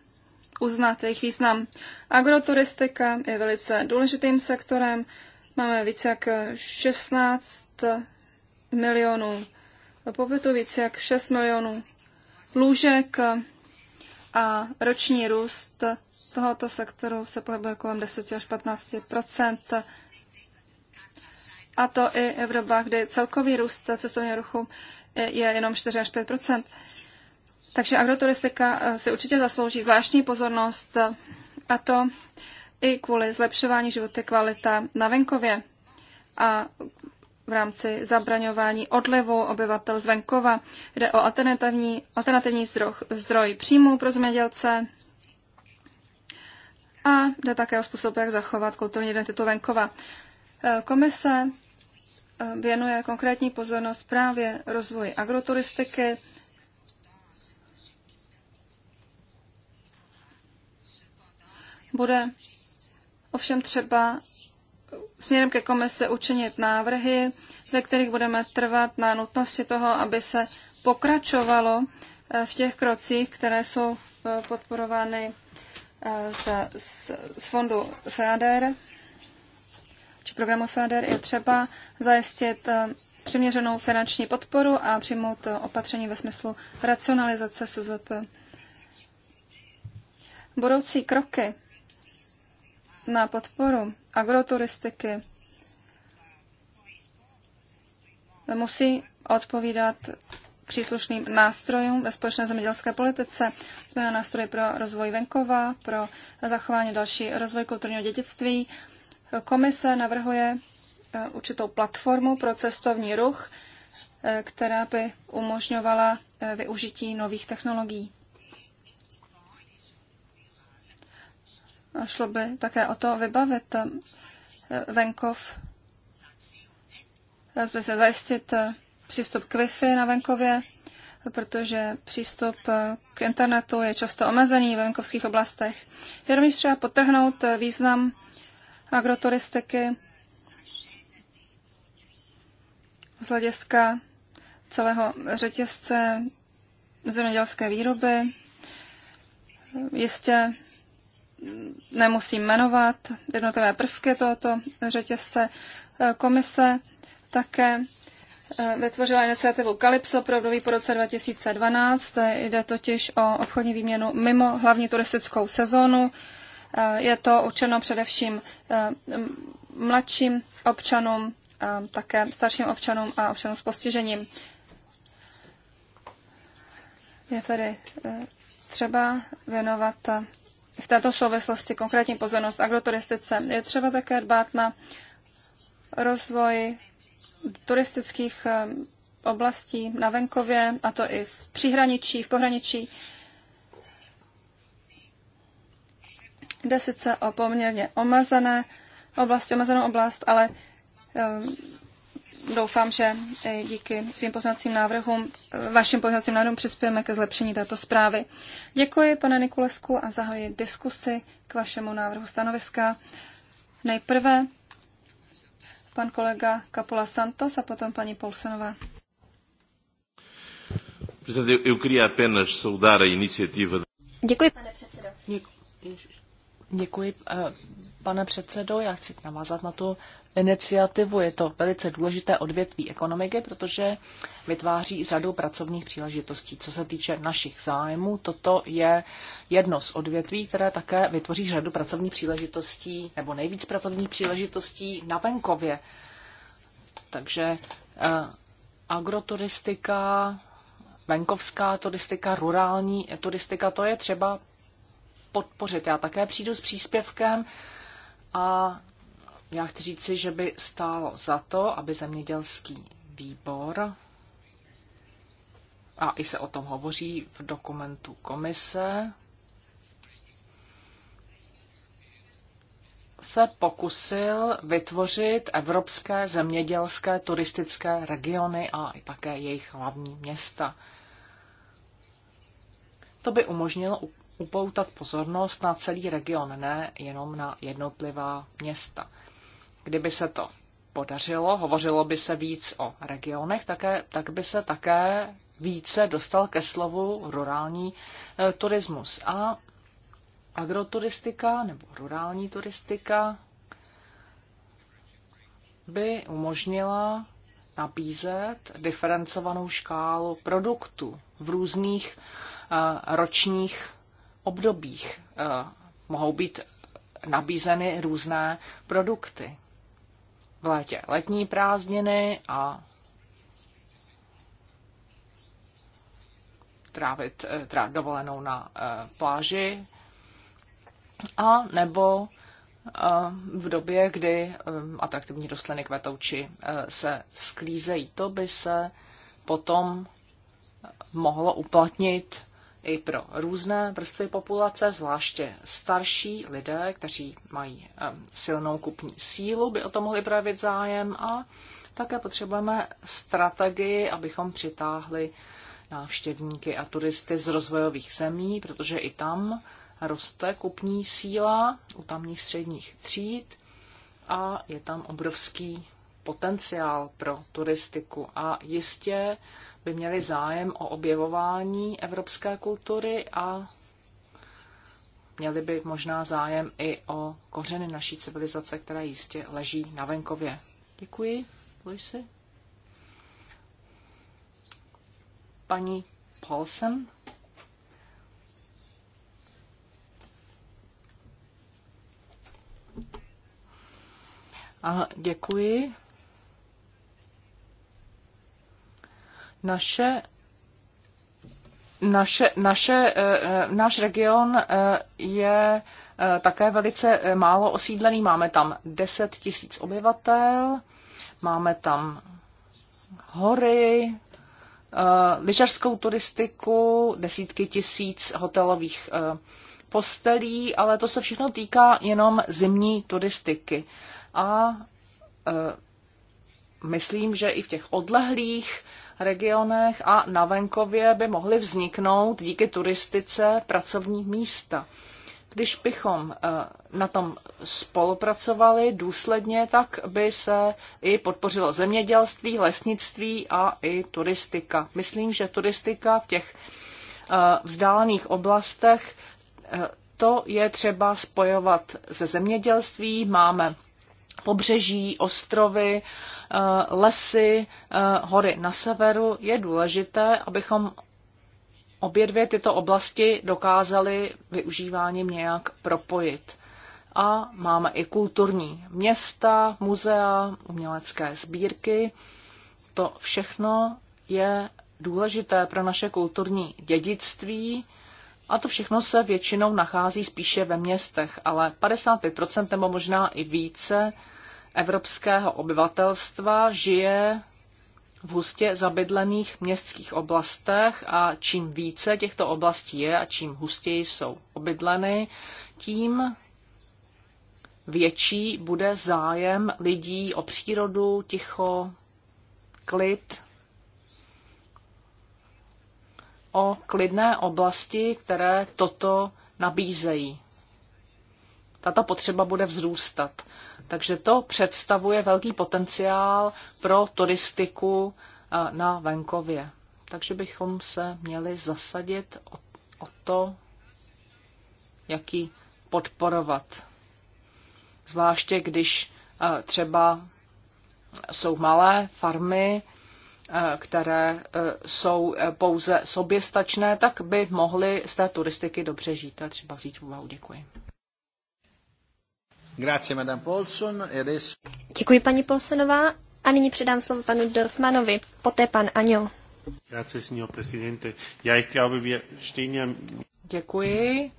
uznat jejich význam. Agroturistika je velice důležitým sektorem. Máme více jak 16 milionů pobytu, více jak 6 milionů lůžek a roční růst tohoto sektoru se pohybuje kolem 10 až 15 A to i v dobách, kdy celkový růst cestovního ruchu je jenom 4 až 5 Takže agroturistika si určitě zaslouží zvláštní pozornost a to i kvůli zlepšování životy kvalita na venkově a v rámci zabraňování odlivu obyvatel z venkova. Jde o alternativní, alternativní zdroj, zdroj příjmů pro zemědělce, a jde také o způsob, jak zachovat kulturní identitu venkova. E, komise e, věnuje konkrétní pozornost právě rozvoji agroturistiky, bude ovšem třeba směrem ke komise učinit návrhy, ve kterých budeme trvat na nutnosti toho, aby se pokračovalo e, v těch krocích, které jsou podporovány z, eh, z, z fondu FEADER či programu FEADER je třeba zajistit eh, přiměřenou finanční podporu a přijmout eh, opatření ve smyslu racionalizace SZP. Budoucí kroky na podporu agroturistiky musí odpovídat příslušným nástrojům ve společné zemědělské politice. Změna nástroje pro rozvoj venkova, pro zachování další rozvoj kulturního dědictví. Komise navrhuje eh, určitou platformu pro cestovní ruch, eh, která by umožňovala eh, využití nových technologií. A šlo by také o to vybavit venkov, by se zajistit přístup k Wi-Fi na venkově, protože přístup k internetu je často omezený ve venkovských oblastech. Je rovněž třeba potrhnout význam agroturistiky z hlediska celého řetězce zemědělské výroby. Jistě nemusím jmenovat jednotlivé prvky tohoto řetězce. Komise také Eh, vytvořila iniciativu Calypso pro období po roce 2012. Jde totiž o obchodní výměnu mimo hlavní turistickou sezónu. Eh, je to určeno především eh, mladším občanům, také starším občanům a občanům s postižením. Je tedy třeba věnovat v této souvislosti konkrétní pozornost agroturistice. Je třeba také dbát na rozvoj turistických eh, oblastí na venkově, a to i v příhraničí, v pohraničí. Jde sice o poměrně omezené oblasti, omezenou oblast, ale eh, doufám, že díky svým poznacím návrhům, eh, vašim poznacím návrhům přispějeme ke zlepšení této zprávy. Děkuji, pane Nikulesku, a zahajuji diskusi k vašemu návrhu stanoviska. Nejprve pan kolega Kapula Santos a potom paní Polsenová. Děkuji, pane předsedo. Děkuji. Děkuji, eh, pane předsedo. Já chci navázat na tu iniciativu. Je to velice důležité odvětví ekonomiky, protože vytváří řadu pracovních příležitostí. Co se týče našich zájmů, toto je jedno z odvětví, které také vytvoří řadu pracovních příležitostí, nebo nejvíc pracovních příležitostí na venkově. Takže eh, agroturistika, venkovská turistika, rurální turistika, to je třeba podpořit. Já také přijdu s příspěvkem a já chci říci, že by stálo za to, aby zemědělský výbor, a i se o tom hovoří v dokumentu komise, se pokusil vytvořit evropské zemědělské turistické regiony a i také jejich hlavní města. To by umožnilo upoutat pozornost na celý region, ne jenom na jednotlivá města. Kdyby se to podařilo, hovořilo by se víc o regionech, také, tak by se také více dostal ke slovu rurální e, turismus. A agroturistika nebo rurální turistika by umožnila nabízet diferencovanou škálu produktů v různých e, ročních obdobích eh, mohou být nabízeny různé produkty. V létě letní prázdniny a trávit eh, teda dovolenou na eh, pláži a nebo v době, kdy atraktivní rostliny kvetouči se sklízejí. To by se potom mohlo uplatnit i pro různé vrstvy populace, zvláště starší lidé, kteří mají silnou kupní sílu, by o to mohli projevit zájem a také potřebujeme strategii, abychom přitáhli návštěvníky a turisty z rozvojových zemí, protože i tam roste kupní síla u tamních středních tříd a je tam obrovský potenciál pro turistiku. A jistě by měli zájem o objevování evropské kultury a měli by možná zájem i o kořeny naší civilizace, která jistě leží na venkově. Děkuji, Luisi. Paní Paulsen. A děkuji. Naše naše, naše, eh, eh, náš region eh, je také velice málo osídlený. Máme tam 10 tisíc obyvatel, máme tam hory, lyžařskou turistiku, desítky tisíc hotelových postelí, ale to se všechno týká jenom zimní turistiky. A myslím, že i v těch odlehlých regionech a na venkově by mohly vzniknout díky turistice pracovní místa. Když bychom eh, na tom spolupracovali důsledně, tak by se i podpořilo zemědělství, lesnictví a i turistika. Myslím, že turistika v těch eh, vzdálených oblastech eh, to je třeba spojovat se zemědělství. Máme pobřeží, ostrovy, eh, lesy, eh, hory na severu, je důležité, abychom obě dvě tyto oblasti dokázali využíváním nějak propojit. A máme i kulturní města, muzea, umělecké sbírky. To všechno je důležité pro naše kulturní dědictví a to všechno se většinou nachází spíše ve městech, ale 55% nebo možná i více evropského obyvatelstva žije v hustě zabydlených městských oblastech a čím více těchto oblastí je a čím hustěji jsou obydleny, tím větší bude zájem lidí o přírodu, ticho, klid o klidné oblasti, které toto nabízejí. Tato potřeba bude vzrůstat. Takže to představuje velký potenciál pro turistiku eh, na venkově. Takže bychom se měli zasadit o, to, jaký podporovat. Zvláště když eh, třeba jsou malé farmy, Eh, které eh, jsou eh, pouze soběstačné, tak by mohly z té turistiky dobře žít. třeba vzít v úvahu. Děkuji. E Děkuji, paní Polsonová. A nyní předám slovo panu Dorfmanovi, poté pan Aňo. Děkuji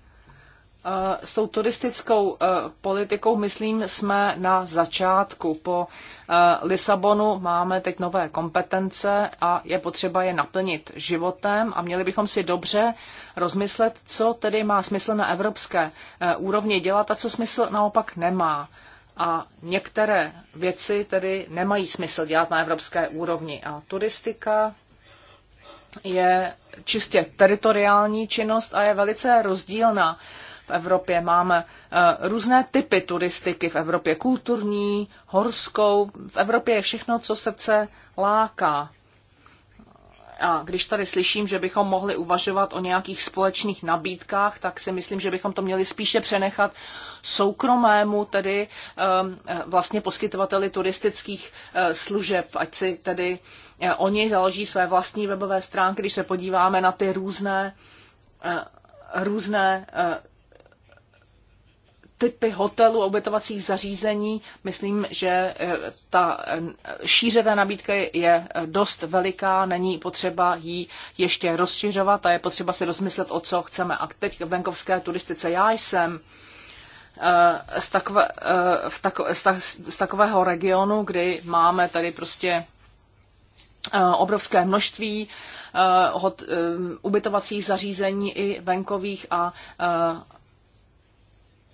s tou turistickou eh, politikou, myslím, jsme na začátku. Po eh, Lisabonu máme teď nové kompetence a je potřeba je naplnit životem a měli bychom si dobře rozmyslet, co tedy má smysl na evropské eh, úrovni dělat a co smysl naopak nemá. A některé věci tedy nemají smysl dělat na evropské úrovni. A turistika je čistě teritoriální činnost a je velice rozdílná v Evropě. Máme eh, různé typy turistiky v Evropě, kulturní, horskou. V Evropě je všechno, co srdce láká. A když tady slyším, že bychom mohli uvažovat o nějakých společných nabídkách, tak si myslím, že bychom to měli spíše přenechat soukromému, tedy eh, eh, vlastně poskytovateli turistických služeb, ať si tedy oni založí své vlastní webové stránky, když se podíváme na ty různé různé typy hotelů, ubytovacích zařízení, myslím, že eh, ta eh, šíře té nabídky je eh, dost veliká, není potřeba ji ještě rozšiřovat a je potřeba si rozmyslet, o co chceme. A teď k venkovské turistice. Já jsem z, takové, v tako, z, tak, z takového regionu, kdy máme tady prostě obrovské množství hot, ubytovacích zařízení i venkových a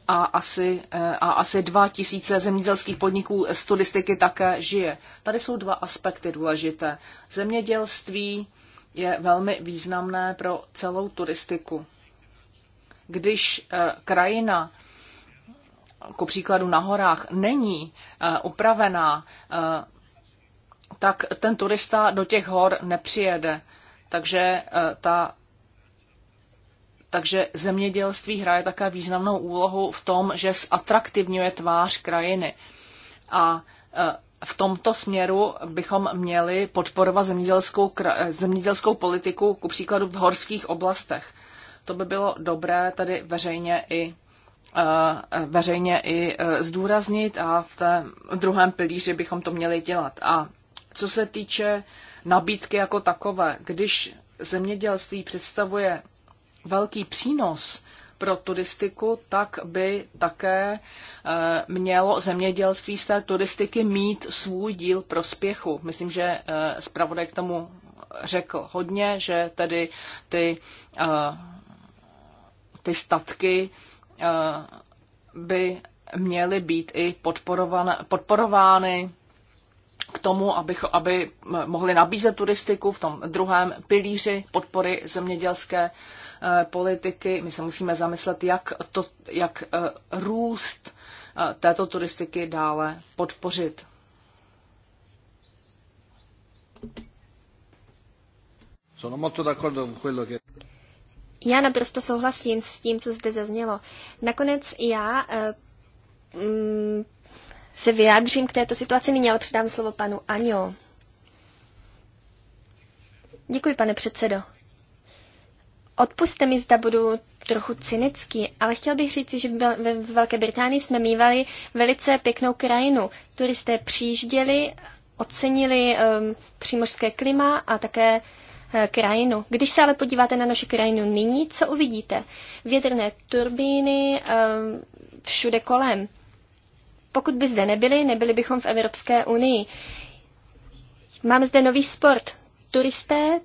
a asi, eh, a asi 2 tisíce zemědělských podniků z turistiky také žije. Tady jsou dva aspekty důležité. Zemědělství je velmi významné pro celou turistiku. Když eh, krajina ku příkladu na horách, není eh, upravená, tak ten turista do těch hor nepřijede. Takže ta takže zemědělství hraje také významnou úlohu v tom, že zatraktivňuje tvář krajiny. A e, v tomto směru bychom měli podporovat zemědělskou, e, zemědělskou politiku, ku příkladu v horských oblastech. To by bylo dobré tady veřejně i e, veřejně i zdůraznit a v té druhém pilíři bychom to měli dělat. A co se týče nabídky jako takové, když zemědělství představuje velký přínos pro turistiku, tak by také eh, mělo zemědělství z té turistiky mít svůj díl prospěchu. Myslím, že eh, zpravodaj k tomu řekl hodně, že tedy ty, eh, ty statky by měly být i podporovány k tomu, aby, aby mohli nabízet turistiku v tom druhém pilíři podpory zemědělské uh, Eh, politiky. My se musíme zamyslet, jak, to, jak eh, růst eh, této turistiky dále podpořit. Sono molto d'accordo con quello che... Já naprosto souhlasím s tím, co zde zaznělo. Nakonec já mm, se vyjádřím k této situaci nyní, ale předám slovo panu Aňo. Děkuji, pane předsedo. Odpuste mi, zda budu trochu cynický, ale chtěl bych říct, že ve Velké Británii jsme mývali velice pěknou krajinu. Turisté přijížděli, ocenili um, přímořské klima a také uh, krajinu. Když se ale podíváte na naši krajinu nyní, co uvidíte? Větrné turbíny um, všude kolem. Pokud by zde nebyli, nebyli bychom v Evropské unii. Mám zde nový sport. Turisté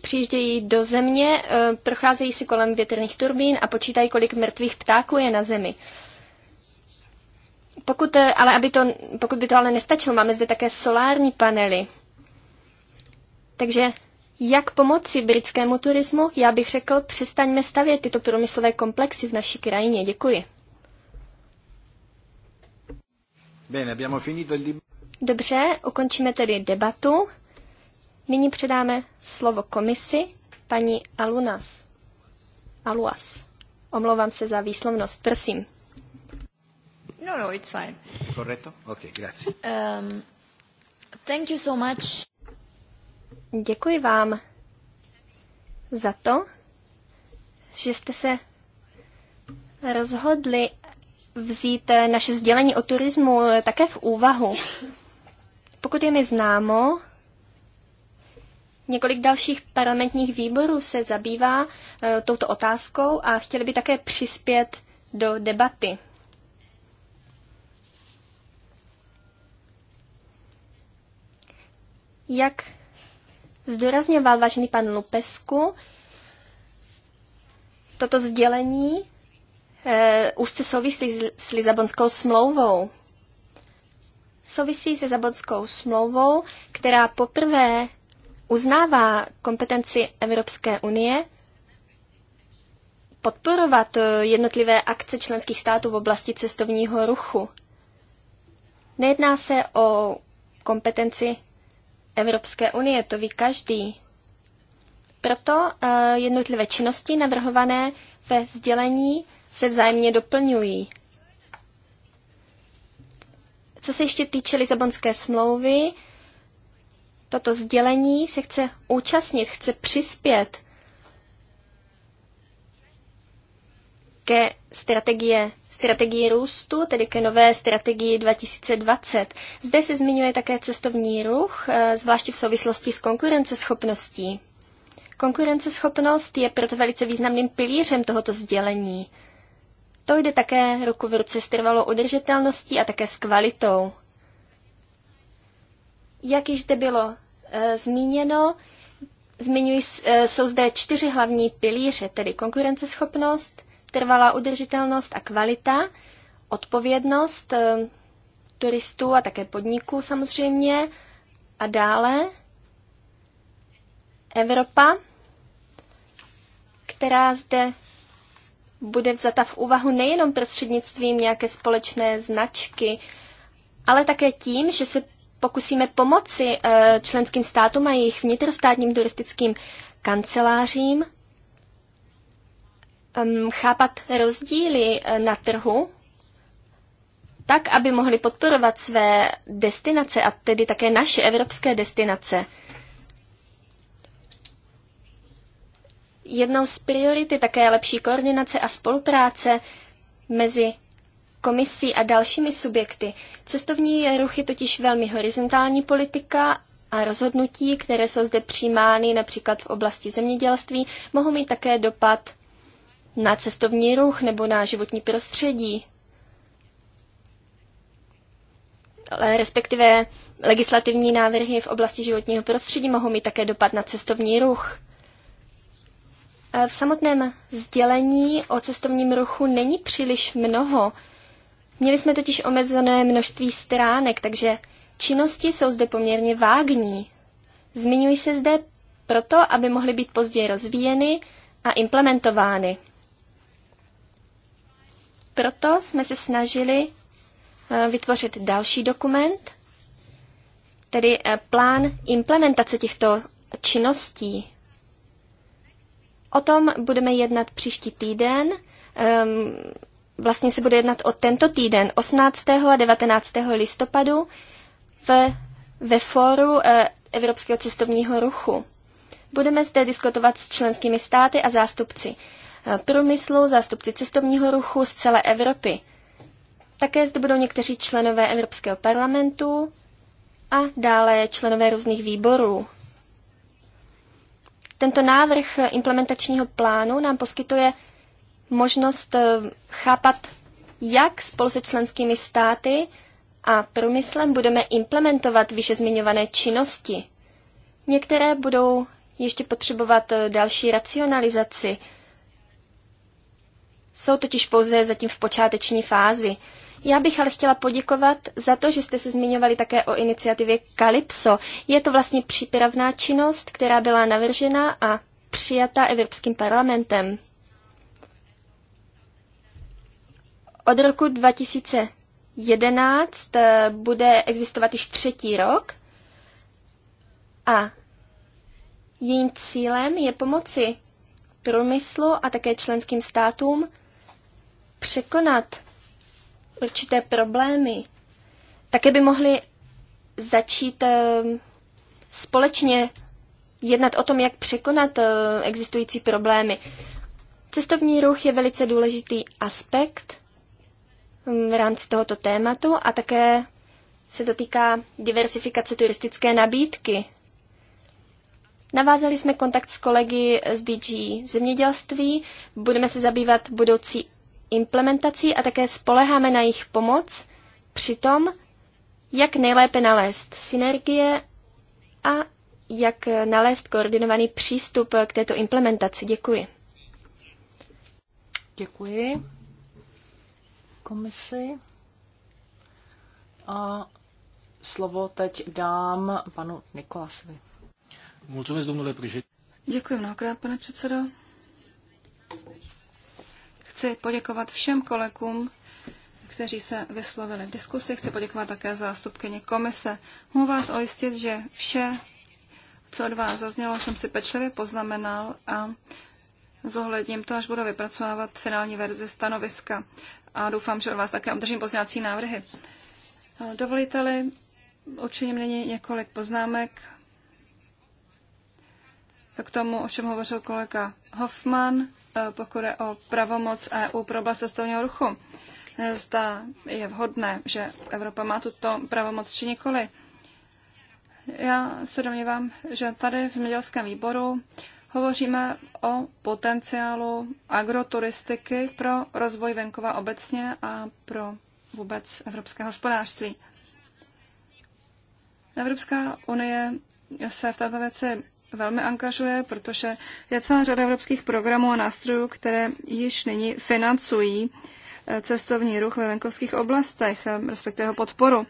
přijíždějí do země, eh, procházejí si kolem větrných turbín a počítají, kolik mrtvých ptáků je na zemi. Pokud, eh, ale aby to, pokud by to ale nestačilo, máme zde také solární panely. Takže jak pomoci britskému turismu? Já bych řekl, přestaňme stavět tyto průmyslové komplexy v naší krajině. Děkuji. Dobře, ukončíme tedy debatu. Nyní předáme slovo komisi paní Alunas. Aluas. Omlouvám se za výslovnost. Prosím. No, no, it's fine. Corretto? Ok, grazie. Um, thank you so much. Děkuji vám za to, že jste se rozhodli vzít naše sdělení o turismu také v úvahu. Pokud je mi známo, Několik dalších parlamentních výborů se zabývá uh, touto otázkou a chtěli by také přispět do debaty. Jak zdůrazňoval vážený pan Lupesku, toto sdělení uh, úzce souvisí s, s smlouvou souvisí se Zabonskou smlouvou, která poprvé uznává kompetenci Evropské unie podporovat eh, jednotlivé akce členských států v oblasti cestovního ruchu. Nejedná se o kompetenci Evropské unie, to ví každý. Proto eh, jednotlivé činnosti navrhované ve sdělení se vzájemně doplňují. Co se ještě týče Lisabonské smlouvy, toto sdělení se chce účastnit, chce přispět ke strategie, strategii růstu, tedy ke nové strategii 2020. Zde se zmiňuje také cestovní ruch, eh, zvláště v souvislosti s konkurenceschopností. Konkurenceschopnost je proto velice významným pilířem tohoto sdělení. To jde také ruku v ruce s trvalou udržitelností a také s kvalitou. Jak již zde bylo Eh, zmíněno. Zmiňují, eh, jsou zde čtyři hlavní pilíře, tedy konkurenceschopnost, trvalá udržitelnost a kvalita, odpovědnost eh, turistů a také podniků samozřejmě a dále Evropa, která zde bude vzata v úvahu nejenom prostřednictvím nějaké společné značky, ale také tím, že se pokusíme pomoci eh, členským státům a jejich vnitrostátním turistickým kancelářím ehm, chápat rozdíly eh, na trhu, tak, aby mohli podporovat své destinace a tedy také naše evropské destinace. Jednou z priorit je také lepší koordinace a spolupráce mezi komisí a dalšími subjekty. Cestovní ruch je totiž velmi horizontální politika a rozhodnutí, které jsou zde přijímány například v oblasti zemědělství, mohou mít také dopad na cestovní ruch nebo na životní prostředí. Respektive legislativní návrhy v oblasti životního prostředí mohou mít také dopad na cestovní ruch. V samotném sdělení o cestovním ruchu není příliš mnoho Měli jsme totiž omezené množství stránek, takže činnosti jsou zde poměrně vágní. Zmiňují se zde proto, aby mohly být později rozvíjeny a implementovány. Proto jsme se snažili eh, vytvořit další dokument, tedy eh, plán implementace těchto činností. O tom budeme jednat příští týden. Ehm, vlastně se bude jednat o tento týden, 18. a 19. listopadu ve, ve fóru eh, Evropského cestovního ruchu. Budeme zde diskutovat s členskými státy a zástupci eh, průmyslu, zástupci cestovního ruchu z celé Evropy. Také zde budou někteří členové Evropského parlamentu a dále členové různých výborů. Tento návrh implementačního plánu nám poskytuje možnost eh, chápat, jak spolu se členskými státy a průmyslem budeme implementovat vyše zmiňované činnosti. Některé budou ještě potřebovat eh, další racionalizaci. Jsou totiž pouze zatím v počáteční fázi. Já bych ale chtěla poděkovat za to, že jste se zmiňovali také o iniciativě Calypso. Je to vlastně přípravná činnost, která byla navržena a přijata Evropským parlamentem. Od roku 2011 eh, bude existovat již třetí rok a jejím cílem je pomoci průmyslu a také členským státům překonat určité problémy. Také by mohli začít eh, společně jednat o tom, jak překonat eh, existující problémy. Cestovní ruch je velice důležitý aspekt v rámci tohoto tématu a také se to týká diversifikace turistické nabídky. Navázali jsme kontakt s kolegy z DG zemědělství, budeme se zabývat budoucí implementací a také spoleháme na jejich pomoc při tom, jak nejlépe nalézt synergie a jak nalézt koordinovaný přístup k této implementaci. Děkuji. Děkuji komisi. A slovo teď dám panu Nikolasovi. Děkuji mnohokrát, pane předsedo. Chci poděkovat všem kolegům, kteří se vyslovili v diskusi. Chci poděkovat také zástupkyni komise. Mohu vás ojistit, že vše, co od vás zaznělo, jsem si pečlivě poznamenal a zohledním to, až budu vypracovávat finální verzi stanoviska a doufám, že od vás také obdržím pozněvací návrhy. Dovolíte-li, učiním nyní několik poznámek k tomu, o čem hovořil kolega Hoffman, eh, pokud je o pravomoc EU pro oblast cestovního ruchu. Eh, zda je vhodné, že Evropa má tuto pravomoc či nikoli. Já se domnívám, že tady v zemědělském výboru Hovoříme o potenciálu agroturistiky pro rozvoj venkova obecně a pro vůbec evropské hospodářství. Evropská unie se v této věci velmi angažuje, protože je celá řada evropských programů a nástrojů, které již nyní financují eh, cestovní ruch ve venkovských oblastech, eh, respektive jeho podporu.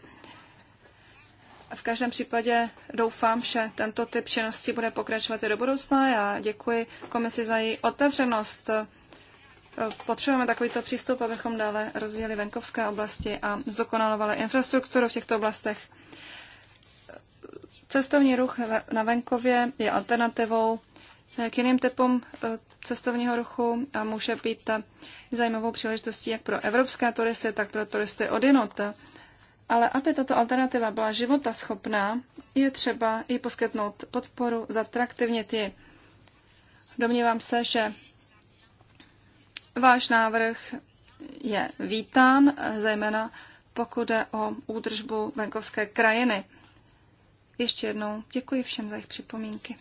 V každém případě doufám, že tento typ činnosti bude pokračovat i do budoucna. Já děkuji komisi za její otevřenost. Potřebujeme takovýto přístup, abychom dále rozvíjeli venkovské oblasti a zdokonalovali infrastrukturu v těchto oblastech. Cestovní ruch na venkově je alternativou k jiným typům eh, cestovního ruchu a může být zajímavou příležitostí jak pro evropské turisty, tak pro turisty odinut. Ale aby tato alternativa byla života schopná, je třeba i poskytnout podporu, zatraktivnit ji. Domnívám se, že váš návrh je vítán, zejména pokud jde o údržbu venkovské krajiny. Ještě jednou děkuji všem za jejich připomínky.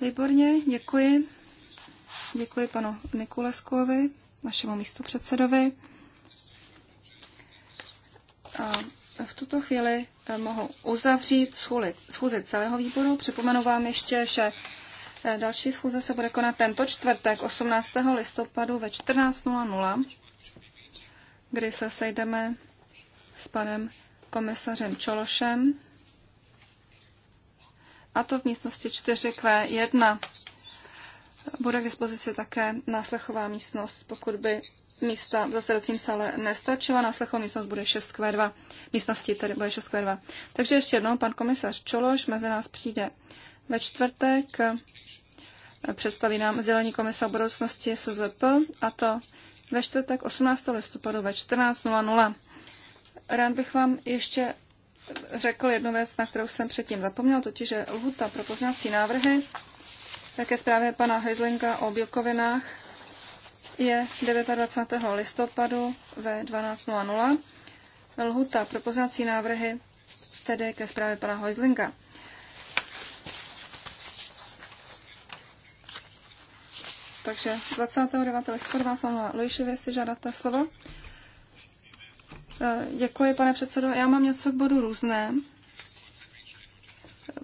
Výborně, děkuji. Děkuji panu Nikuleskovi, našemu předsedovi v tuto chvíli eh, mohu uzavřít schůzi celého výboru. Připomenu vám ještě, že eh, další schůze se bude konat tento čtvrtek 18. listopadu ve 14.00, kdy se sejdeme s panem komisařem Čološem a to v místnosti 4Q1. Bude k dispozici také náslechová místnost, pokud by místa v zasedacím sále nestačila. Náslechová místnost bude 6Q2. Místnosti tedy bude 6Q2. Takže ještě jednou, pan komisař Čološ mezi nás přijde ve čtvrtek. Představí nám zelení komisa o budoucnosti SZP a to ve čtvrtek 18. listopadu ve 14.00. Rád bych vám ještě řekl jednu věc, na kterou jsem předtím zapomněl, totiž je lhuta pro pozměňovací návrhy také zprávě pana Hezlinka o bílkovinách je 29. listopadu ve 12.00. Lhuta pro poznací návrhy tedy ke zprávě pana Hojzlinga. Takže 29. listopadu vás mám Lujišovi, jestli žádáte slovo. E, děkuji, pane předsedo. Já mám něco k bodu různé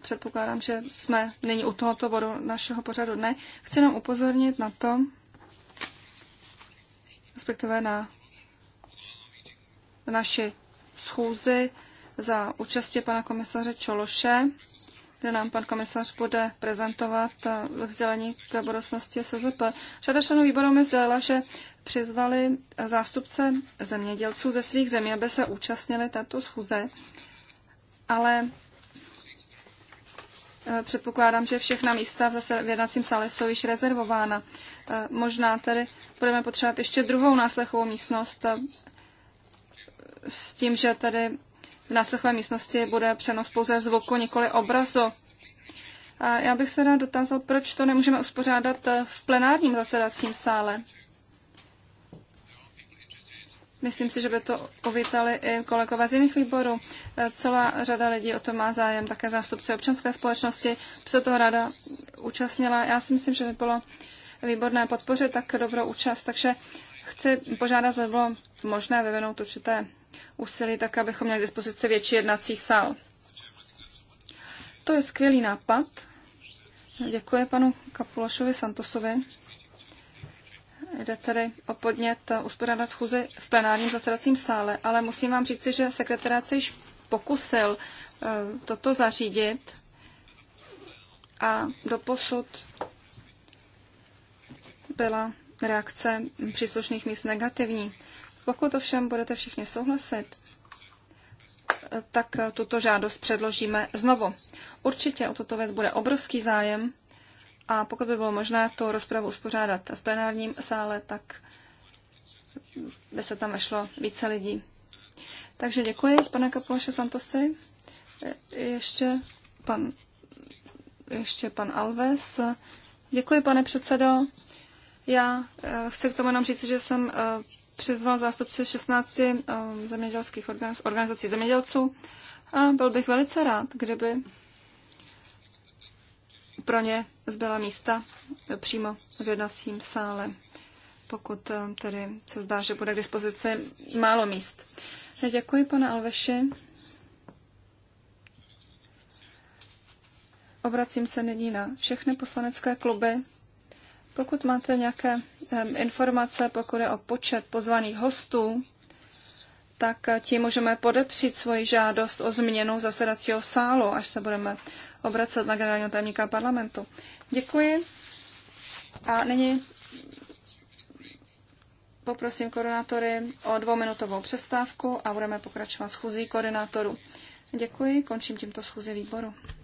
předpokládám, že jsme nyní u tohoto bodu našeho pořadu dne. Chci nám upozornit na to, respektive na naši schůzi za účastí pana komisaře Čološe, kde nám pan komisař bude prezentovat vzdělení eh, k budoucnosti SZP. Řada členů výboru mi sdělila, že přizvali zástupce zemědělců ze svých zemí, aby se účastnili této schůze, ale Eh, předpokládám, že všechna místa v, zase v jednacím sále jsou již rezervována. Eh, možná tedy budeme potřebovat ještě druhou náslechovou místnost eh, s tím, že tedy v náslechové místnosti bude přenos pouze zvuku, nikoli obrazu. A já bych se rád dotázal, proč to nemůžeme uspořádat v plenárním zasedacím sále. Myslím si, že by to uvítali i kolegové z jiných výborů. Eh, Celá řada lidí o to má zájem, také zástupci občanské společnosti se toho ráda účastnila. Já si myslím, že by bylo výborné podpořit tak dobrou účast, takže chci požádat, zda bylo možné vyvinout určité úsilí, tak abychom měli k dispozici větší jednací sál. To je skvělý nápad. Děkuji panu Kapulošovi Santosovi. Jde tedy o podnět eh, uspořádat schůzi v plenárním zasedacím sále, ale musím vám říci, že sekretariát se již pokusil eh, toto zařídit a doposud byla reakce příslušných míst negativní. Pokud ovšem budete všichni souhlasit, eh, tak tuto žádost předložíme znovu. Určitě o tuto věc bude obrovský zájem a pokud by bylo možné tu rozpravu uspořádat v plenárním sále, tak by se tam vešlo více lidí. Takže děkuji, pane Kapulaše Santosi. E, ještě pan, ještě pan Alves. Děkuji, pane předsedo. Já e, chci k tomu jenom říct, že jsem e, přizval zástupce 16 zemědělských organizací zemědělců a byl bych velice rád, kdyby pro ně zbyla místa přímo v jednacím sále, pokud eh, tedy se zdá, že bude k dispozici málo míst. Děkuji, pane Alveši. Obracím se nyní na všechny poslanecké kluby. Pokud máte nějaké eh, informace, pokud je o počet pozvaných hostů, tak eh, tím můžeme podepřít svoji žádost o změnu zasedacího sálu, až se budeme obracet na generálního tajemníka parlamentu. Děkuji. A nyní poprosím koordinátory o dvouminutovou přestávku a budeme pokračovat schůzí koordinátorů. Děkuji, končím tímto schůzi výboru.